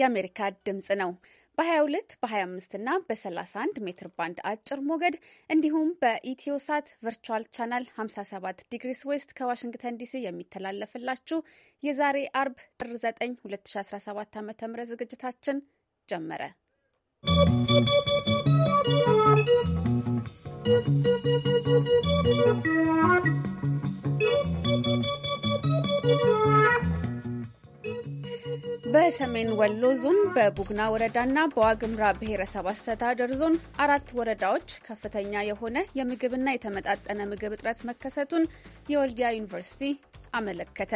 የአሜሪካ ድምፅ ነው። በ22 በ25 እና በ31 ሜትር ባንድ አጭር ሞገድ እንዲሁም በኢትዮሳት ቨርቹዋል ቻናል 57 ዲግሪስ ዌስት ከዋሽንግተን ዲሲ የሚተላለፍላችሁ የዛሬ አርብ ጥር 9 2017 ዓ ም ዝግጅታችን ጀመረ። ¶¶ በሰሜን ወሎ ዞን በቡግና ወረዳና በዋግምራ ብሔረሰብ አስተዳደር ዞን አራት ወረዳዎች ከፍተኛ የሆነ የምግብና የተመጣጠነ ምግብ እጥረት መከሰቱን የወልዲያ ዩኒቨርሲቲ አመለከተ።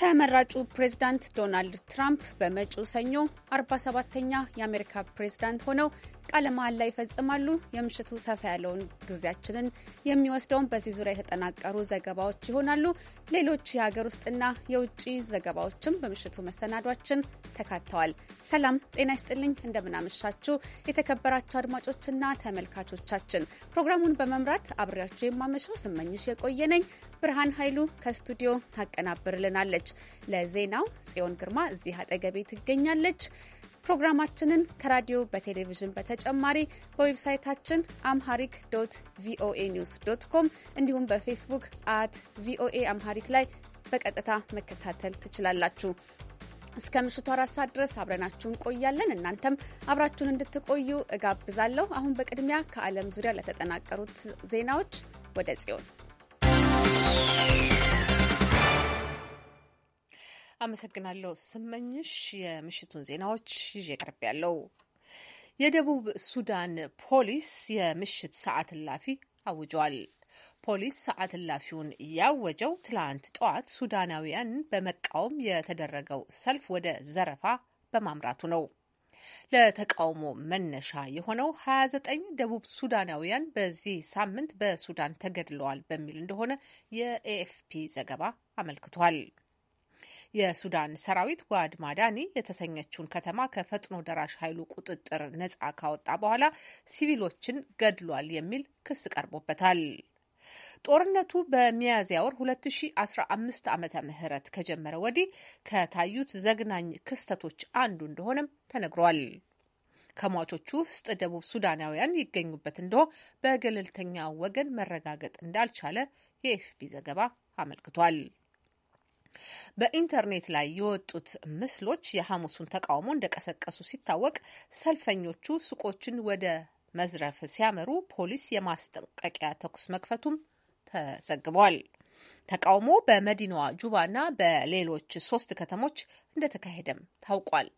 ተመራጩ ፕሬዝዳንት ዶናልድ ትራምፕ በመጪው ሰኞ 47ተኛ የአሜሪካ ፕሬዝዳንት ሆነው ቃለ ላይ ይፈጽማሉ። የምሽቱ ሰፋ ያለውን ጊዜያችንን የሚወስደውን በዚህ ዙሪያ የተጠናቀሩ ዘገባዎች ይሆናሉ። ሌሎች የሀገር ውስጥና የውጭ ዘገባዎችም በምሽቱ መሰናዷችን ተካተዋል። ሰላም ጤና ይስጥልኝ። እንደምናመሻችሁ የተከበራችሁ አድማጮችና ተመልካቾቻችን ፕሮግራሙን በመምራት አብሬያችሁ የማመሻው ስመኝሽ የቆየ ነኝ። ብርሃን ኃይሉ ከስቱዲዮ ታቀናብርልናለች። ለዜናው ጽዮን ግርማ እዚህ አጠገቤ ትገኛለች። ፕሮግራማችንን ከራዲዮ በቴሌቪዥን በተጨማሪ በዌብሳይታችን አምሃሪክ ዶት ቪኦኤ ኒውስ ዶት ኮም እንዲሁም በፌስቡክ አት ቪኦኤ አምሃሪክ ላይ በቀጥታ መከታተል ትችላላችሁ። እስከ ምሽቱ አራት ሰዓት ድረስ አብረናችሁን ቆያለን። እናንተም አብራችሁን እንድትቆዩ እጋብዛለሁ። አሁን በቅድሚያ ከዓለም ዙሪያ ለተጠናቀሩት ዜናዎች ወደ ጽዮን አመሰግናለሁ ስመኝሽ። የምሽቱን ዜናዎች ይዤ ቀርብ ያለው የደቡብ ሱዳን ፖሊስ የምሽት ሰዓት እላፊ አውጇል። ፖሊስ ሰዓት እላፊውን ያወጀው ትላንት ጠዋት ሱዳናውያን በመቃወም የተደረገው ሰልፍ ወደ ዘረፋ በማምራቱ ነው። ለተቃውሞ መነሻ የሆነው 29 ደቡብ ሱዳናውያን በዚህ ሳምንት በሱዳን ተገድለዋል በሚል እንደሆነ የኤኤፍፒ ዘገባ አመልክቷል። የሱዳን ሰራዊት ዋድ ማዳኒ የተሰኘችውን ከተማ ከፈጥኖ ደራሽ ኃይሉ ቁጥጥር ነጻ ካወጣ በኋላ ሲቪሎችን ገድሏል የሚል ክስ ቀርቦበታል። ጦርነቱ በሚያዝያ ወር 2015 ዓመተ ምህረት ከጀመረ ወዲህ ከታዩት ዘግናኝ ክስተቶች አንዱ እንደሆነም ተነግሯል። ከሟቾቹ ውስጥ ደቡብ ሱዳናውያን ይገኙበት እንደሆ በገለልተኛ ወገን መረጋገጥ እንዳልቻለ የኤፍፒ ዘገባ አመልክቷል። በኢንተርኔት ላይ የወጡት ምስሎች የሐሙሱን ተቃውሞ እንደቀሰቀሱ ሲታወቅ ሰልፈኞቹ ሱቆችን ወደ መዝረፍ ሲያመሩ ፖሊስ የማስጠንቀቂያ ተኩስ መክፈቱም ተዘግቧል። ተቃውሞ በመዲናዋ ጁባና በሌሎች ሶስት ከተሞች እንደተካሄደም ታውቋል።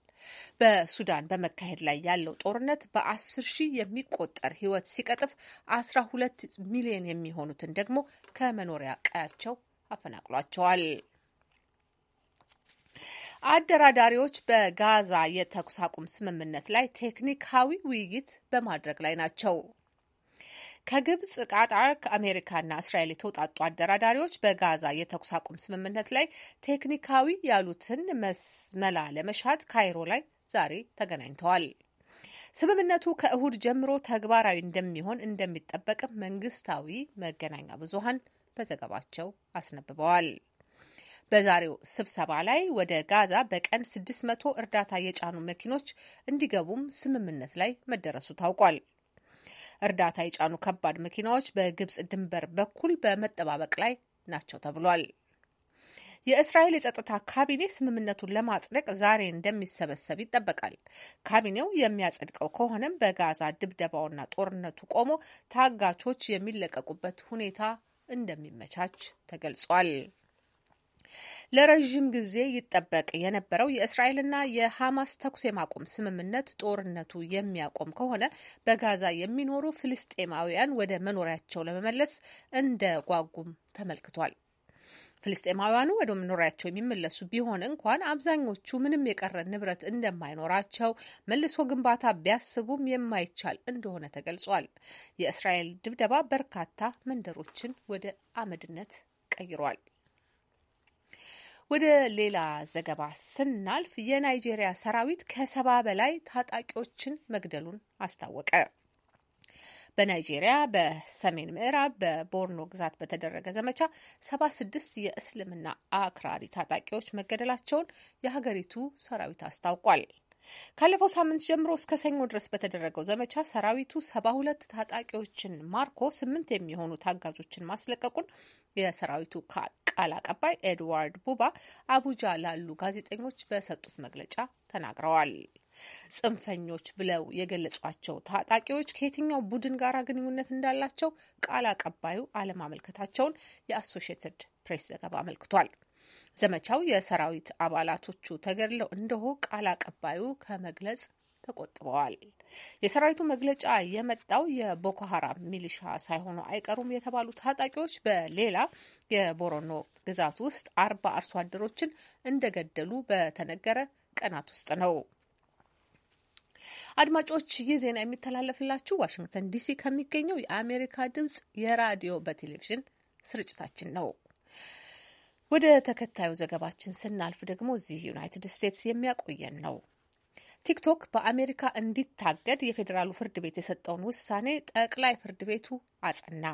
በሱዳን በመካሄድ ላይ ያለው ጦርነት በአስር ሺህ የሚቆጠር ሕይወት ሲቀጥፍ አስራ ሁለት ሚሊዮን የሚሆኑትን ደግሞ ከመኖሪያ ቀያቸው አፈናቅሏቸዋል። አደራዳሪዎች በጋዛ የተኩስ አቁም ስምምነት ላይ ቴክኒካዊ ውይይት በማድረግ ላይ ናቸው። ከግብጽ፣ ቃጣር፣ ከአሜሪካና እስራኤል የተውጣጡ አደራዳሪዎች በጋዛ የተኩስ አቁም ስምምነት ላይ ቴክኒካዊ ያሉትን መስመላ ለመሻት ካይሮ ላይ ዛሬ ተገናኝተዋል። ስምምነቱ ከእሁድ ጀምሮ ተግባራዊ እንደሚሆን እንደሚጠበቅም መንግስታዊ መገናኛ ብዙሃን በዘገባቸው አስነብበዋል። በዛሬው ስብሰባ ላይ ወደ ጋዛ በቀን 600 እርዳታ የጫኑ መኪኖች እንዲገቡም ስምምነት ላይ መደረሱ ታውቋል። እርዳታ የጫኑ ከባድ መኪናዎች በግብጽ ድንበር በኩል በመጠባበቅ ላይ ናቸው ተብሏል። የእስራኤል የጸጥታ ካቢኔ ስምምነቱን ለማጽደቅ ዛሬ እንደሚሰበሰብ ይጠበቃል። ካቢኔው የሚያጸድቀው ከሆነም በጋዛ ድብደባውና ጦርነቱ ቆሞ ታጋቾች የሚለቀቁበት ሁኔታ እንደሚመቻች ተገልጿል። ለረዥም ጊዜ ይጠበቅ የነበረው የእስራኤልና የሐማስ ተኩስ የማቆም ስምምነት ጦርነቱ የሚያቆም ከሆነ በጋዛ የሚኖሩ ፍልስጤማውያን ወደ መኖሪያቸው ለመመለስ እንደጓጉም ተመልክቷል። ፍልስጤማውያኑ ወደ መኖሪያቸው የሚመለሱ ቢሆን እንኳን አብዛኞቹ ምንም የቀረ ንብረት እንደማይኖራቸው መልሶ ግንባታ ቢያስቡም የማይቻል እንደሆነ ተገልጿል። የእስራኤል ድብደባ በርካታ መንደሮችን ወደ አመድነት ቀይሯል። ወደ ሌላ ዘገባ ስናልፍ የናይጄሪያ ሰራዊት ከሰባ በላይ ታጣቂዎችን መግደሉን አስታወቀ። በናይጄሪያ በሰሜን ምዕራብ በቦርኖ ግዛት በተደረገ ዘመቻ ሰባ ስድስት የእስልምና አክራሪ ታጣቂዎች መገደላቸውን የሀገሪቱ ሰራዊት አስታውቋል። ካለፈው ሳምንት ጀምሮ እስከ ሰኞ ድረስ በተደረገው ዘመቻ ሰራዊቱ ሰባ ሁለት ታጣቂዎችን ማርኮ ስምንት የሚሆኑ ታጋጆችን ማስለቀቁን የሰራዊቱ ቃል አቀባይ ኤድዋርድ ቡባ አቡጃ ላሉ ጋዜጠኞች በሰጡት መግለጫ ተናግረዋል። ጽንፈኞች ብለው የገለጿቸው ታጣቂዎች ከየትኛው ቡድን ጋር ግንኙነት እንዳላቸው ቃል አቀባዩ አለማመልከታቸውን የአሶሽየትድ ፕሬስ ዘገባ አመልክቷል። ዘመቻው የሰራዊት አባላቶቹ ተገድለው እንደሆ ቃል አቀባዩ ከመግለጽ ተቆጥበዋል። የሰራዊቱ መግለጫ የመጣው የቦኮ ሀራም ሚሊሻ ሳይሆኑ አይቀሩም የተባሉ ታጣቂዎች በሌላ የቦሮኖ ግዛት ውስጥ አርባ አርሶ አደሮችን እንደገደሉ በተነገረ ቀናት ውስጥ ነው። አድማጮች ይህ ዜና የሚተላለፍላችሁ ዋሽንግተን ዲሲ ከሚገኘው የአሜሪካ ድምጽ የራዲዮ በቴሌቪዥን ስርጭታችን ነው። ወደ ተከታዩ ዘገባችን ስናልፍ ደግሞ እዚህ ዩናይትድ ስቴትስ የሚያቆየን ነው። ቲክቶክ በአሜሪካ እንዲታገድ የፌዴራሉ ፍርድ ቤት የሰጠውን ውሳኔ ጠቅላይ ፍርድ ቤቱ አጸና።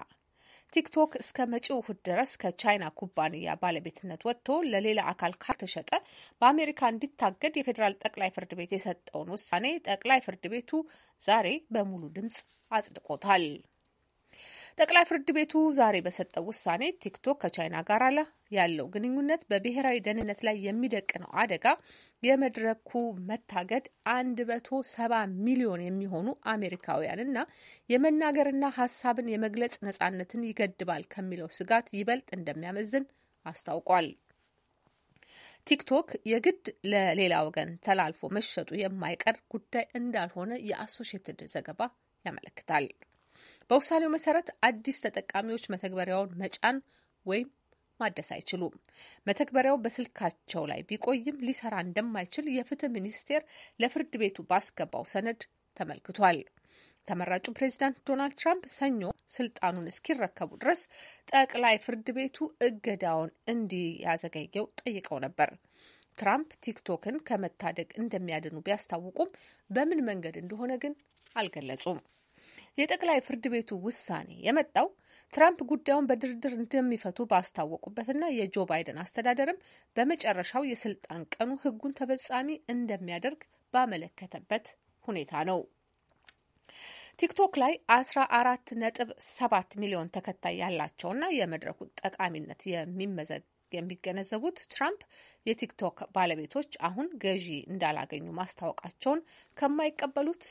ቲክቶክ እስከ መጪው እሁድ ድረስ ከቻይና ኩባንያ ባለቤትነት ወጥቶ ለሌላ አካል ካልተሸጠ በአሜሪካ እንዲታገድ የፌዴራል ጠቅላይ ፍርድ ቤት የሰጠውን ውሳኔ ጠቅላይ ፍርድ ቤቱ ዛሬ በሙሉ ድምፅ አጽድቆታል። ጠቅላይ ፍርድ ቤቱ ዛሬ በሰጠው ውሳኔ ቲክቶክ ከቻይና ጋር አለ ያለው ግንኙነት በብሔራዊ ደህንነት ላይ የሚደቅነው አደጋ የመድረኩ መታገድ አንድ መቶ ሰባ ሚሊዮን የሚሆኑ አሜሪካውያንና የመናገርና ሀሳብን የመግለጽ ነጻነትን ይገድባል ከሚለው ስጋት ይበልጥ እንደሚያመዝን አስታውቋል። ቲክቶክ የግድ ለሌላ ወገን ተላልፎ መሸጡ የማይቀር ጉዳይ እንዳልሆነ የአሶሽየትድ ዘገባ ያመለክታል። በውሳኔው መሰረት አዲስ ተጠቃሚዎች መተግበሪያውን መጫን ወይም ማደስ አይችሉም። መተግበሪያው በስልካቸው ላይ ቢቆይም ሊሰራ እንደማይችል የፍትህ ሚኒስቴር ለፍርድ ቤቱ ባስገባው ሰነድ ተመልክቷል። ተመራጩ ፕሬዚዳንት ዶናልድ ትራምፕ ሰኞ ስልጣኑን እስኪረከቡ ድረስ ጠቅላይ ፍርድ ቤቱ እገዳውን እንዲያዘገየው ጠይቀው ነበር። ትራምፕ ቲክቶክን ከመታደግ እንደሚያድኑ ቢያስታውቁም በምን መንገድ እንደሆነ ግን አልገለጹም። የጠቅላይ ፍርድ ቤቱ ውሳኔ የመጣው ትራምፕ ጉዳዩን በድርድር እንደሚፈቱ ባስታወቁበትና የጆ ባይደን አስተዳደርም በመጨረሻው የስልጣን ቀኑ ህጉን ተፈጻሚ እንደሚያደርግ ባመለከተበት ሁኔታ ነው። ቲክቶክ ላይ 14.7 ነጥብ ሚሊዮን ተከታይ ያላቸውና የመድረኩን ጠቃሚነት የሚመዘግ የሚገነዘቡት ትራምፕ የቲክቶክ ባለቤቶች አሁን ገዢ እንዳላገኙ ማስታወቃቸውን ከማይቀበሉት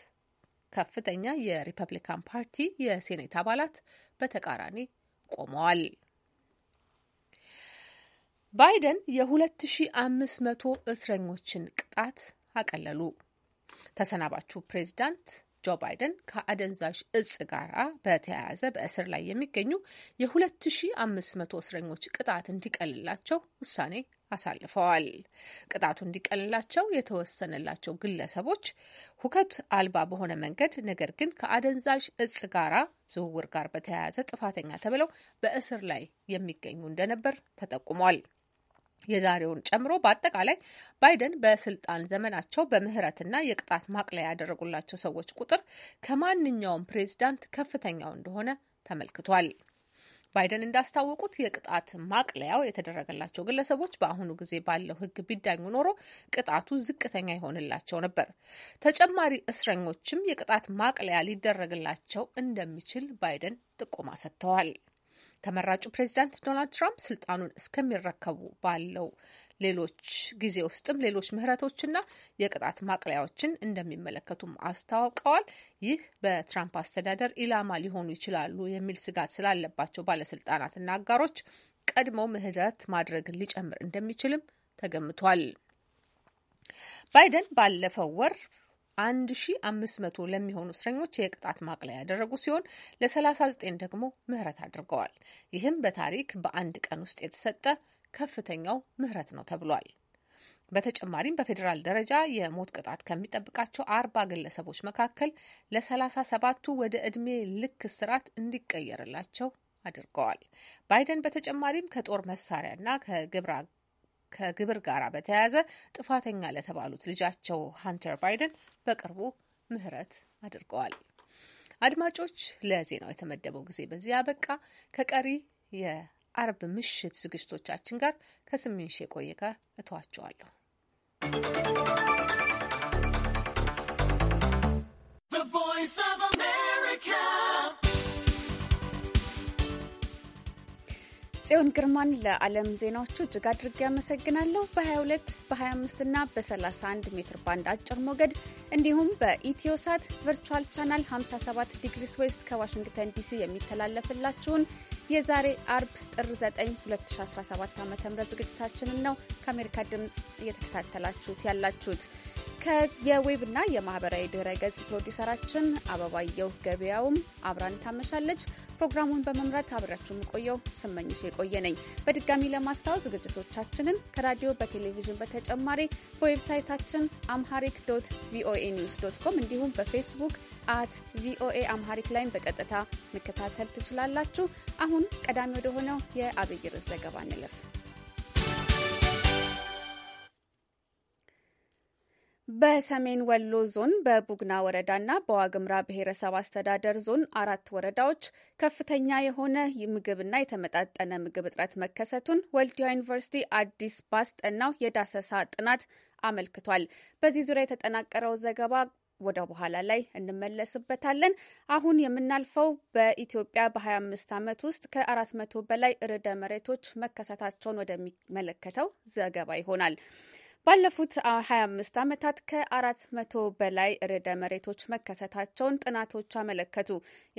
ከፍተኛ የሪፐብሊካን ፓርቲ የሴኔት አባላት በተቃራኒ ቆመዋል። ባይደን የ2500 እስረኞችን ቅጣት አቀለሉ። ተሰናባቹ ፕሬዚዳንት ጆ ባይደን ከአደንዛዥ እጽ ጋር በተያያዘ በእስር ላይ የሚገኙ የ2500 እስረኞች ቅጣት እንዲቀልላቸው ውሳኔ አሳልፈዋል። ቅጣቱ እንዲቀልላቸው የተወሰነላቸው ግለሰቦች ሁከት አልባ በሆነ መንገድ ነገር ግን ከአደንዛዥ እጽ ጋራ ዝውውር ጋር በተያያዘ ጥፋተኛ ተብለው በእስር ላይ የሚገኙ እንደነበር ተጠቁሟል። የዛሬውን ጨምሮ በአጠቃላይ ባይደን በስልጣን ዘመናቸው በምህረትና የቅጣት ማቅለያ ያደረጉላቸው ሰዎች ቁጥር ከማንኛውም ፕሬዚዳንት ከፍተኛው እንደሆነ ተመልክቷል። ባይደን እንዳስታወቁት የቅጣት ማቅለያው የተደረገላቸው ግለሰቦች በአሁኑ ጊዜ ባለው ሕግ ቢዳኙ ኖሮ ቅጣቱ ዝቅተኛ ይሆንላቸው ነበር። ተጨማሪ እስረኞችም የቅጣት ማቅለያ ሊደረግላቸው እንደሚችል ባይደን ጥቆማ ሰጥተዋል። ተመራጩ ፕሬዚዳንት ዶናልድ ትራምፕ ስልጣኑን እስከሚረከቡ ባለው ሌሎች ጊዜ ውስጥም ሌሎች ምህረቶችና የቅጣት ማቅለያዎችን እንደሚመለከቱም አስታውቀዋል። ይህ በትራምፕ አስተዳደር ኢላማ ሊሆኑ ይችላሉ የሚል ስጋት ስላለባቸው ባለስልጣናትና አጋሮች ቀድሞ ምህረት ማድረግን ሊጨምር እንደሚችልም ተገምቷል። ባይደን ባለፈው ወር አንድ ሺ አምስት መቶ ለሚሆኑ እስረኞች የቅጣት ማቅለያ ያደረጉ ሲሆን ለ39 ደግሞ ምህረት አድርገዋል። ይህም በታሪክ በአንድ ቀን ውስጥ የተሰጠ ከፍተኛው ምህረት ነው ተብሏል። በተጨማሪም በፌዴራል ደረጃ የሞት ቅጣት ከሚጠብቃቸው አርባ ግለሰቦች መካከል ለሰላሳ ሰባቱ ወደ ዕድሜ ልክ እስራት እንዲቀየርላቸው አድርገዋል። ባይደን በተጨማሪም ከጦር መሳሪያና ከግብረ ከግብር ጋር በተያያዘ ጥፋተኛ ለተባሉት ልጃቸው ሀንተር ባይደን በቅርቡ ምህረት አድርገዋል። አድማጮች፣ ለዜናው የተመደበው ጊዜ በዚህ አበቃ። ከቀሪ የአርብ ምሽት ዝግጅቶቻችን ጋር ከስምንሽ የቆየ ጋር እተዋቸዋለሁ። ጽዮን ግርማን ለዓለም ዜናዎቹ እጅግ አድርጌ ያመሰግናለሁ። በ22 በ25 እና በ31 ሜትር ባንድ አጭር ሞገድ እንዲሁም በኢትዮሳት ቨርቹዋል ቻናል 57 ዲግሪስ ዌስት ከዋሽንግተን ዲሲ የሚተላለፍላችሁን የዛሬ አርብ ጥር 9 2017 ዓ ም ዝግጅታችንን ነው ከአሜሪካ ድምፅ እየተከታተላችሁት ያላችሁት። የዌብና የማህበራዊ ድረ ገጽ ፕሮዲሰራችን አበባየው ገበያውም አብራን ታመሻለች። ፕሮግራሙን በመምራት አብራችሁ የምቆየው ስመኝሽ የቆየ ነኝ። በድጋሚ ለማስታወስ ዝግጅቶቻችንን ከራዲዮ በቴሌቪዥን በተጨማሪ በዌብሳይታችን አምሃሪክ ዶት ቪኦኤ ኒውስ ዶት ኮም እንዲሁም በፌስቡክ አት ቪኦኤ አምሃሪክ ላይም በቀጥታ መከታተል ትችላላችሁ። አሁን ቀዳሚ ወደሆነው የአብይ ርዕስ ዘገባ እንለፍ። በሰሜን ወሎ ዞን በቡግና ወረዳና በዋግምራ ብሔረሰብ አስተዳደር ዞን አራት ወረዳዎች ከፍተኛ የሆነ ምግብና የተመጣጠነ ምግብ እጥረት መከሰቱን ወልዲያ ዩኒቨርሲቲ አዲስ ባስጠናው የዳሰሳ ጥናት አመልክቷል። በዚህ ዙሪያ የተጠናቀረው ዘገባ ወደ በኋላ ላይ እንመለስበታለን። አሁን የምናልፈው በኢትዮጵያ በ25 ዓመት ውስጥ ከ400 በላይ ርዕደ መሬቶች መከሰታቸውን ወደሚመለከተው ዘገባ ይሆናል። ባለፉት 25 ዓመታት ከ400 በላይ ርዕደ መሬቶች መከሰታቸውን ጥናቶች አመለከቱ።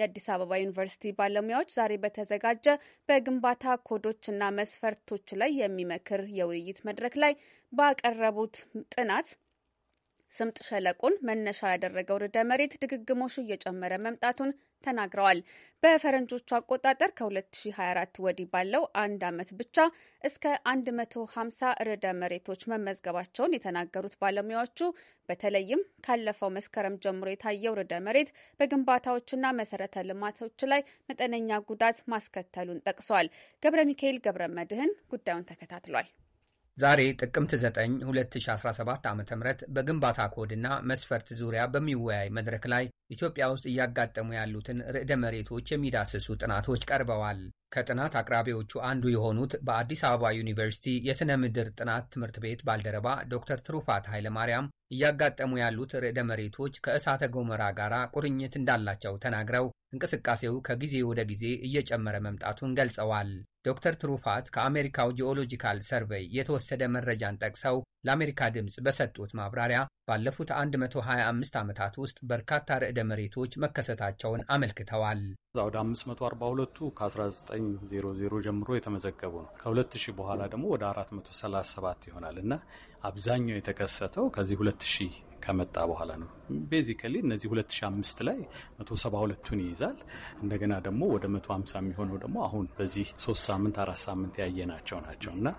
የአዲስ አበባ ዩኒቨርሲቲ ባለሙያዎች ዛሬ በተዘጋጀ በግንባታ ኮዶችና መስፈርቶች ላይ የሚመክር የውይይት መድረክ ላይ ባቀረቡት ጥናት ስምጥ ሸለቆን መነሻ ያደረገው ርዕደ መሬት ድግግሞሹ እየጨመረ መምጣቱን ተናግረዋል። በፈረንጆቹ አቆጣጠር ከ2024 ወዲህ ባለው አንድ ዓመት ብቻ እስከ 150 ርዕደ መሬቶች መመዝገባቸውን የተናገሩት ባለሙያዎቹ በተለይም ካለፈው መስከረም ጀምሮ የታየው ርዕደ መሬት በግንባታዎችና መሰረተ ልማቶች ላይ መጠነኛ ጉዳት ማስከተሉን ጠቅሰዋል። ገብረ ሚካኤል ገብረ መድህን ጉዳዩን ተከታትሏል። ዛሬ ጥቅምት 9 2017 ዓ ም በግንባታ ኮድና መስፈርት ዙሪያ በሚወያይ መድረክ ላይ ኢትዮጵያ ውስጥ እያጋጠሙ ያሉትን ርዕደ መሬቶች የሚዳስሱ ጥናቶች ቀርበዋል። ከጥናት አቅራቢዎቹ አንዱ የሆኑት በአዲስ አበባ ዩኒቨርሲቲ የሥነ ምድር ጥናት ትምህርት ቤት ባልደረባ ዶክተር ትሩፋት ኃይለማርያም እያጋጠሙ ያሉት ርዕደ መሬቶች ከእሳተ ገሞራ ጋር ቁርኝት እንዳላቸው ተናግረው እንቅስቃሴው ከጊዜ ወደ ጊዜ እየጨመረ መምጣቱን ገልጸዋል። ዶክተር ትሩፋት ከአሜሪካው ጂኦሎጂካል ሰርቬይ የተወሰደ መረጃን ጠቅሰው ለአሜሪካ ድምፅ በሰጡት ማብራሪያ ባለፉት 125 ዓመታት ውስጥ በርካታ ርዕደ መሬቶች መከሰታቸውን አመልክተዋል። ወደ 542ቱ ከ1900 ጀምሮ የተመዘገቡ ነው። ከ2000 በኋላ ደግሞ ወደ 437 ይሆናል እና አብዛኛው የተከሰተው ከዚህ 2000 ከመጣ በኋላ ነው። ቤዚካሊ እነዚህ 2005 ላይ 172ቱን ይይዛል። እንደገና ደግሞ ወደ 150 የሚሆነው ደግሞ አሁን በዚህ ሶስት ሳምንት አራት ሳምንት ያየናቸው ናቸው እና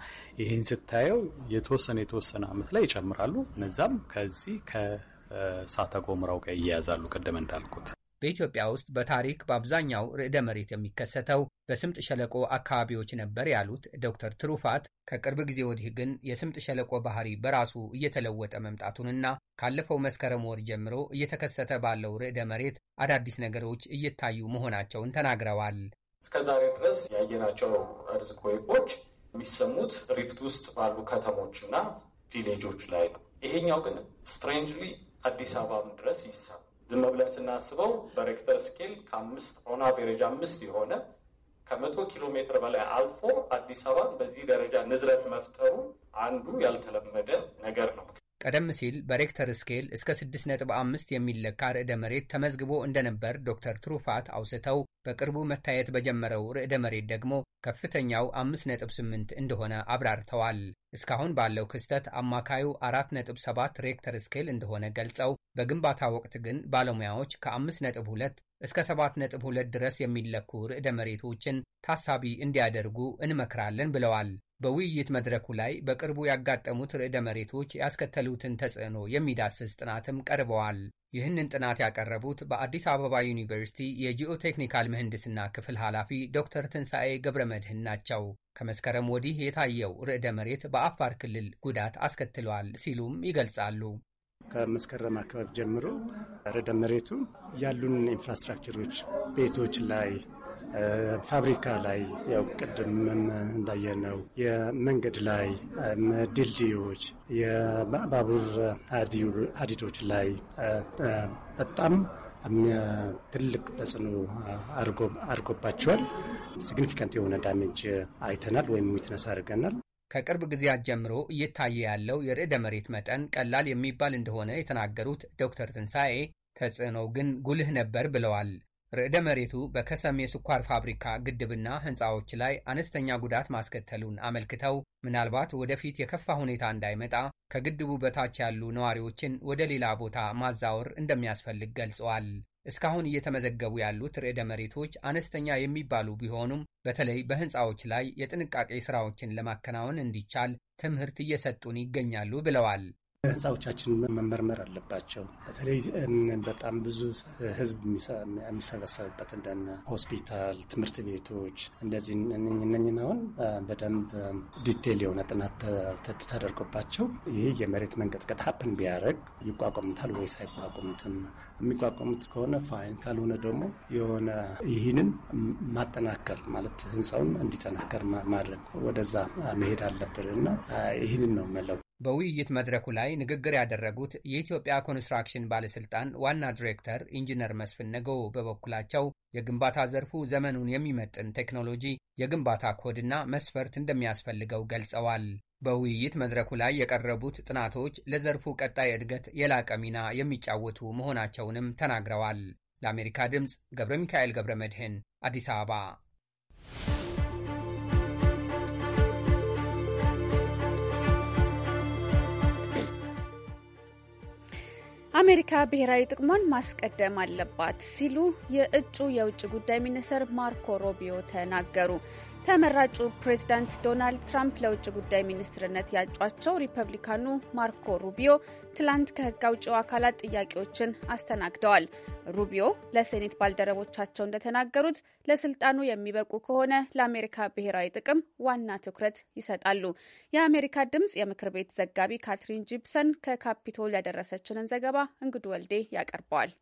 ይህን ስታየው የተወሰነ የተወሰነ አመት ላይ ይጨምራሉ። እነዛም ከዚህ ከእሳተ ገሞራው ጋር ይያያዛሉ ቅድም እንዳልኩት በኢትዮጵያ ውስጥ በታሪክ በአብዛኛው ርዕደ መሬት የሚከሰተው በስምጥ ሸለቆ አካባቢዎች ነበር ያሉት ዶክተር ትሩፋት ከቅርብ ጊዜ ወዲህ ግን የስምጥ ሸለቆ ባህሪ በራሱ እየተለወጠ መምጣቱንና ካለፈው መስከረም ወር ጀምሮ እየተከሰተ ባለው ርዕደ መሬት አዳዲስ ነገሮች እየታዩ መሆናቸውን ተናግረዋል። እስከዛሬ ድረስ ያየናቸው ርዝክዌኮች የሚሰሙት ሪፍት ውስጥ ባሉ ከተሞችና ቪሌጆች ላይ ነው። ይሄኛው ግን ስትሬንጅሊ አዲስ አበባም ድረስ ይሰማል። ዝም ብለን ስናስበው በሬክተር ስኬል ከአምስት ኦን አቨሬጅ አምስት የሆነ ከመቶ ኪሎ ሜትር በላይ አልፎ አዲስ አበባን በዚህ ደረጃ ንዝረት መፍጠሩ አንዱ ያልተለመደ ነገር ነው። ቀደም ሲል በሬክተር ስኬል እስከ 6.5 የሚለካ ርዕደ መሬት ተመዝግቦ እንደነበር ዶክተር ትሩፋት አውስተው በቅርቡ መታየት በጀመረው ርዕደ መሬት ደግሞ ከፍተኛው 5.8 እንደሆነ አብራርተዋል። እስካሁን ባለው ክስተት አማካዩ 4.7 ሬክተር ስኬል እንደሆነ ገልጸው በግንባታ ወቅት ግን ባለሙያዎች ከ5.2 እስከ 7.2 ድረስ የሚለኩ ርዕደ መሬቶችን ታሳቢ እንዲያደርጉ እንመክራለን ብለዋል። በውይይት መድረኩ ላይ በቅርቡ ያጋጠሙት ርዕደ መሬቶች ያስከተሉትን ተጽዕኖ የሚዳስስ ጥናትም ቀርበዋል። ይህንን ጥናት ያቀረቡት በአዲስ አበባ ዩኒቨርሲቲ የጂኦቴክኒካል ምህንድስና ክፍል ኃላፊ ዶክተር ትንሣኤ ገብረ መድህን ናቸው። ከመስከረም ወዲህ የታየው ርዕደ መሬት በአፋር ክልል ጉዳት አስከትሏል ሲሉም ይገልጻሉ። ከመስከረም አካባቢ ጀምሮ ርዕደ መሬቱ ያሉን ኢንፍራስትራክቸሮች ቤቶች ላይ ፋብሪካ ላይ ያው ቅድም እንዳየነው የመንገድ ላይ ድልድዮች፣ የባቡር ሀዲዶች ላይ በጣም ትልቅ ተጽዕኖ አድርጎባቸዋል። ሲግኒፊካንት የሆነ ዳሜጅ አይተናል ወይም ዊትነስ አድርገናል። ከቅርብ ጊዜያት ጀምሮ እየታየ ያለው የርዕደ መሬት መጠን ቀላል የሚባል እንደሆነ የተናገሩት ዶክተር ትንሣኤ ተጽዕኖው ግን ጉልህ ነበር ብለዋል። ርዕደ መሬቱ በከሰም የስኳር ፋብሪካ ግድብና ሕንፃዎች ላይ አነስተኛ ጉዳት ማስከተሉን አመልክተው ምናልባት ወደፊት የከፋ ሁኔታ እንዳይመጣ ከግድቡ በታች ያሉ ነዋሪዎችን ወደ ሌላ ቦታ ማዛወር እንደሚያስፈልግ ገልጸዋል። እስካሁን እየተመዘገቡ ያሉት ርዕደ መሬቶች አነስተኛ የሚባሉ ቢሆኑም በተለይ በሕንፃዎች ላይ የጥንቃቄ ሥራዎችን ለማከናወን እንዲቻል ትምህርት እየሰጡን ይገኛሉ ብለዋል። ህንፃዎቻችን መመርመር አለባቸው። በተለይ በጣም ብዙ ህዝብ የሚሰበሰብበት እንደ ሆስፒታል፣ ትምህርት ቤቶች እንደዚህ እነኝን አሁን በደንብ ዲቴል የሆነ ጥናት ተደርጎባቸው ይህ የመሬት መንቀጥቀጥ ሀፕን ቢያደርግ ይቋቋሙታል ወይስ አይቋቋሙትም? የሚቋቋሙት ከሆነ ፋይን፣ ካልሆነ ደግሞ የሆነ ይህንን ማጠናከር ማለት ህንፃውን እንዲጠናከር ማድረግ ወደዛ መሄድ አለብን እና ይህንን ነው መለው በውይይት መድረኩ ላይ ንግግር ያደረጉት የኢትዮጵያ ኮንስትራክሽን ባለሥልጣን ዋና ዲሬክተር ኢንጂነር መስፍን ነገው በበኩላቸው የግንባታ ዘርፉ ዘመኑን የሚመጥን ቴክኖሎጂ፣ የግንባታ ኮድና መስፈርት እንደሚያስፈልገው ገልጸዋል። በውይይት መድረኩ ላይ የቀረቡት ጥናቶች ለዘርፉ ቀጣይ ዕድገት የላቀ ሚና የሚጫወቱ መሆናቸውንም ተናግረዋል። ለአሜሪካ ድምፅ ገብረ ሚካኤል ገብረ መድህን አዲስ አበባ አሜሪካ ብሔራዊ ጥቅሟን ማስቀደም አለባት ሲሉ የእጩ የውጭ ጉዳይ ሚኒስትር ማርኮ ሮቢዮ ተናገሩ። ተመራጩ ፕሬዝዳንት ዶናልድ ትራምፕ ለውጭ ጉዳይ ሚኒስትርነት ያጯቸው ሪፐብሊካኑ ማርኮ ሩቢዮ ትላንት ከህግ አውጪው አካላት ጥያቄዎችን አስተናግደዋል። ሩቢዮ ለሴኔት ባልደረቦቻቸው እንደተናገሩት ለስልጣኑ የሚበቁ ከሆነ ለአሜሪካ ብሔራዊ ጥቅም ዋና ትኩረት ይሰጣሉ። የአሜሪካ ድምጽ የምክር ቤት ዘጋቢ ካትሪን ጂፕሰን ከካፒቶል ያደረሰችንን ዘገባ እንግዱ ወልዴ ያቀርበዋል።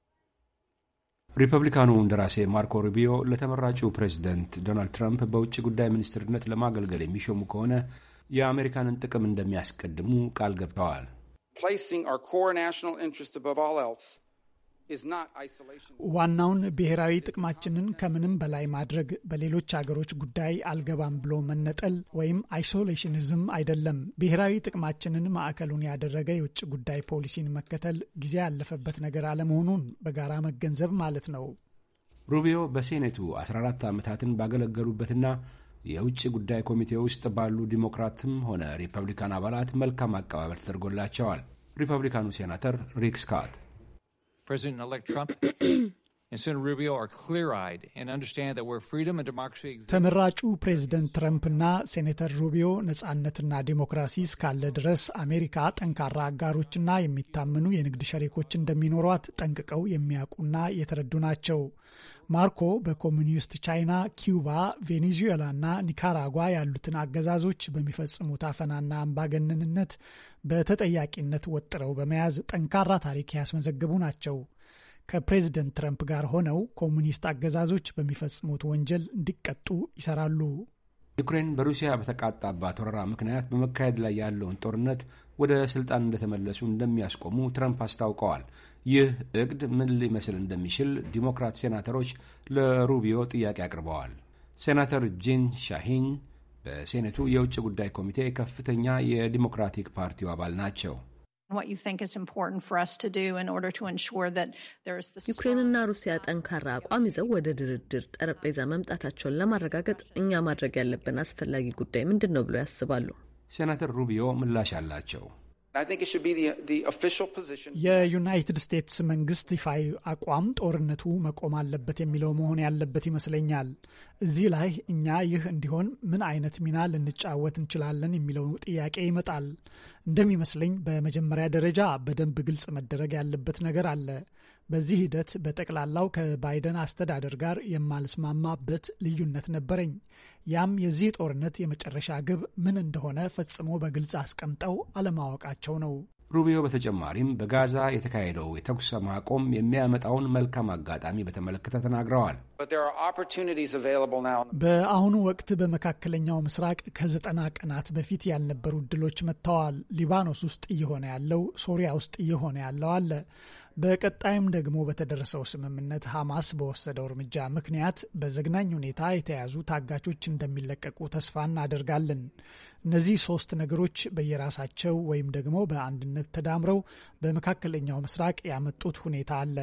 ሪፐብሊካኑ እንደራሴ ማርኮ ሩቢዮ ለተመራጩ ፕሬዚደንት ዶናልድ ትራምፕ በውጭ ጉዳይ ሚኒስትርነት ለማገልገል የሚሾሙ ከሆነ የአሜሪካንን ጥቅም እንደሚያስቀድሙ ቃል ገብተዋል። ዋናውን ብሔራዊ ጥቅማችንን ከምንም በላይ ማድረግ በሌሎች አገሮች ጉዳይ አልገባም ብሎ መነጠል ወይም አይሶሌሽንዝም አይደለም። ብሔራዊ ጥቅማችንን ማዕከሉን ያደረገ የውጭ ጉዳይ ፖሊሲን መከተል ጊዜ ያለፈበት ነገር አለመሆኑን በጋራ መገንዘብ ማለት ነው። ሩቢዮ በሴኔቱ 14 ዓመታትን ባገለገሉበትና የውጭ ጉዳይ ኮሚቴ ውስጥ ባሉ ዲሞክራትም ሆነ ሪፐብሊካን አባላት መልካም አቀባበል ተደርጎላቸዋል። ሪፐብሊካኑ ሴናተር ሪክ ስካት President elect Trump and Senator Rubio are clear eyed and understand that where freedom and democracy exist. ተመራጩ ፕሬዝደንት ትረምፕና ሴኔተር ሩቢዮ ነጻነትና ዲሞክራሲ እስካለ ድረስ አሜሪካ ጠንካራ አጋሮችና የሚታመኑ የንግድ ሸሪኮች እንደሚኖሯት ጠንቅቀው የሚያውቁና የተረዱ ናቸው። ማርኮ በኮሚኒስት ቻይና፣ ኪዩባ፣ ቬኔዙዌላ እና ኒካራጓ ያሉትን አገዛዞች በሚፈጽሙት አፈናና አምባገነንነት በተጠያቂነት ወጥረው በመያዝ ጠንካራ ታሪክ ያስመዘግቡ ናቸው። ከፕሬዝደንት ትረምፕ ጋር ሆነው ኮሚኒስት አገዛዞች በሚፈጽሙት ወንጀል እንዲቀጡ ይሰራሉ። ዩክሬን በሩሲያ በተቃጣባት ወረራ ምክንያት በመካሄድ ላይ ያለውን ጦርነት ወደ ስልጣን እንደተመለሱ እንደሚያስቆሙ ትረምፕ አስታውቀዋል። ይህ እቅድ ምን ሊመስል እንደሚችል ዲሞክራት ሴናተሮች ለሩቢዮ ጥያቄ አቅርበዋል። ሴናተር ጂን ሻሂን በሴኔቱ የውጭ ጉዳይ ኮሚቴ ከፍተኛ የዲሞክራቲክ ፓርቲው አባል ናቸው። ዩክሬንና ሩሲያ ጠንካራ አቋም ይዘው ወደ ድርድር ጠረጴዛ መምጣታቸውን ለማረጋገጥ እኛ ማድረግ ያለብን አስፈላጊ ጉዳይ ምንድን ነው ብለው ያስባሉ? ሴናተር ሩቢዮ ምላሽ አላቸው። የዩናይትድ ስቴትስ መንግስት ይፋዊ አቋም ጦርነቱ መቆም አለበት የሚለው መሆን ያለበት ይመስለኛል። እዚህ ላይ እኛ ይህ እንዲሆን ምን አይነት ሚና ልንጫወት እንችላለን የሚለው ጥያቄ ይመጣል። እንደሚመስለኝ በመጀመሪያ ደረጃ በደንብ ግልጽ መደረግ ያለበት ነገር አለ። በዚህ ሂደት በጠቅላላው ከባይደን አስተዳደር ጋር የማልስማማበት ልዩነት ነበረኝ። ያም የዚህ ጦርነት የመጨረሻ ግብ ምን እንደሆነ ፈጽሞ በግልጽ አስቀምጠው አለማወቃቸው ነው። ሩቢዮ በተጨማሪም በጋዛ የተካሄደው የተኩስ ማቆም የሚያመጣውን መልካም አጋጣሚ በተመለከተ ተናግረዋል። በአሁኑ ወቅት በመካከለኛው ምስራቅ ከዘጠና ቀናት በፊት ያልነበሩ እድሎች መጥተዋል። ሊባኖስ ውስጥ እየሆነ ያለው፣ ሶሪያ ውስጥ እየሆነ ያለው አለ በቀጣይም ደግሞ በተደረሰው ስምምነት ሐማስ በወሰደው እርምጃ ምክንያት በዘግናኝ ሁኔታ የተያዙ ታጋቾች እንደሚለቀቁ ተስፋ እናደርጋለን። እነዚህ ሶስት ነገሮች በየራሳቸው ወይም ደግሞ በአንድነት ተዳምረው በመካከለኛው ምስራቅ ያመጡት ሁኔታ አለ።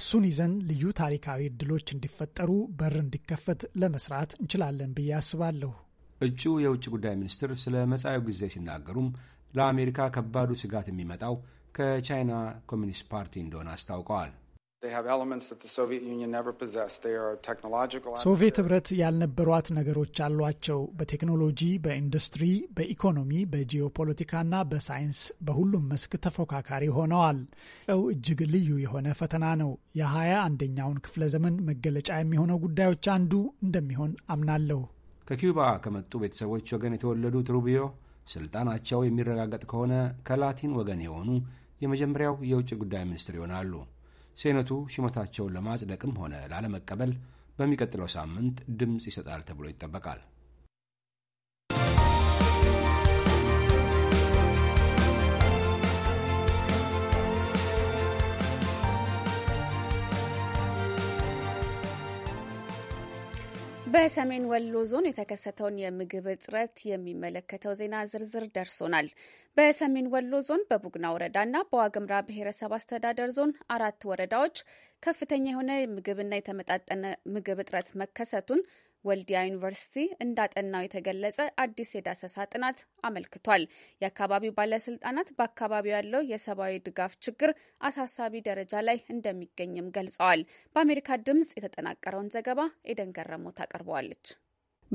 እሱን ይዘን ልዩ ታሪካዊ እድሎች እንዲፈጠሩ በር እንዲከፈት ለመስራት እንችላለን ብዬ አስባለሁ። እጩ የውጭ ጉዳይ ሚኒስትር ስለ መጻዩ ጊዜ ሲናገሩም ለአሜሪካ ከባዱ ስጋት የሚመጣው ከቻይና ኮሚኒስት ፓርቲ እንደሆነ አስታውቀዋል። ሶቪየት ህብረት ያልነበሯት ነገሮች አሏቸው። በቴክኖሎጂ፣ በኢንዱስትሪ፣ በኢኮኖሚ፣ በጂኦፖለቲካና በሳይንስ በሁሉም መስክ ተፎካካሪ ሆነዋል። ው እጅግ ልዩ የሆነ ፈተና ነው። የሃያ አንደኛውን ክፍለ ዘመን መገለጫ የሚሆነው ጉዳዮች አንዱ እንደሚሆን አምናለሁ። ከኪዩባ ከመጡ ቤተሰቦች ወገን የተወለዱት ሩቢዮ ስልጣናቸው የሚረጋገጥ ከሆነ ከላቲን ወገን የሆኑ የመጀመሪያው የውጭ ጉዳይ ሚኒስትር ይሆናሉ። ሴኔቱ ሹመታቸውን ለማጽደቅም ሆነ ላለመቀበል በሚቀጥለው ሳምንት ድምፅ ይሰጣል ተብሎ ይጠበቃል። በሰሜን ወሎ ዞን የተከሰተውን የምግብ እጥረት የሚመለከተው ዜና ዝርዝር ደርሶናል። በሰሜን ወሎ ዞን በቡግና ወረዳና በዋግምራ ብሔረሰብ አስተዳደር ዞን አራት ወረዳዎች ከፍተኛ የሆነ ምግብና የተመጣጠነ ምግብ እጥረት መከሰቱን ወልዲያ ዩኒቨርሲቲ እንዳጠናው የተገለጸ አዲስ የዳሰሳ ጥናት አመልክቷል። የአካባቢው ባለስልጣናት በአካባቢው ያለው የሰብአዊ ድጋፍ ችግር አሳሳቢ ደረጃ ላይ እንደሚገኝም ገልጸዋል። በአሜሪካ ድምጽ የተጠናቀረውን ዘገባ ኤደን ገረሞ ታቀርበዋለች።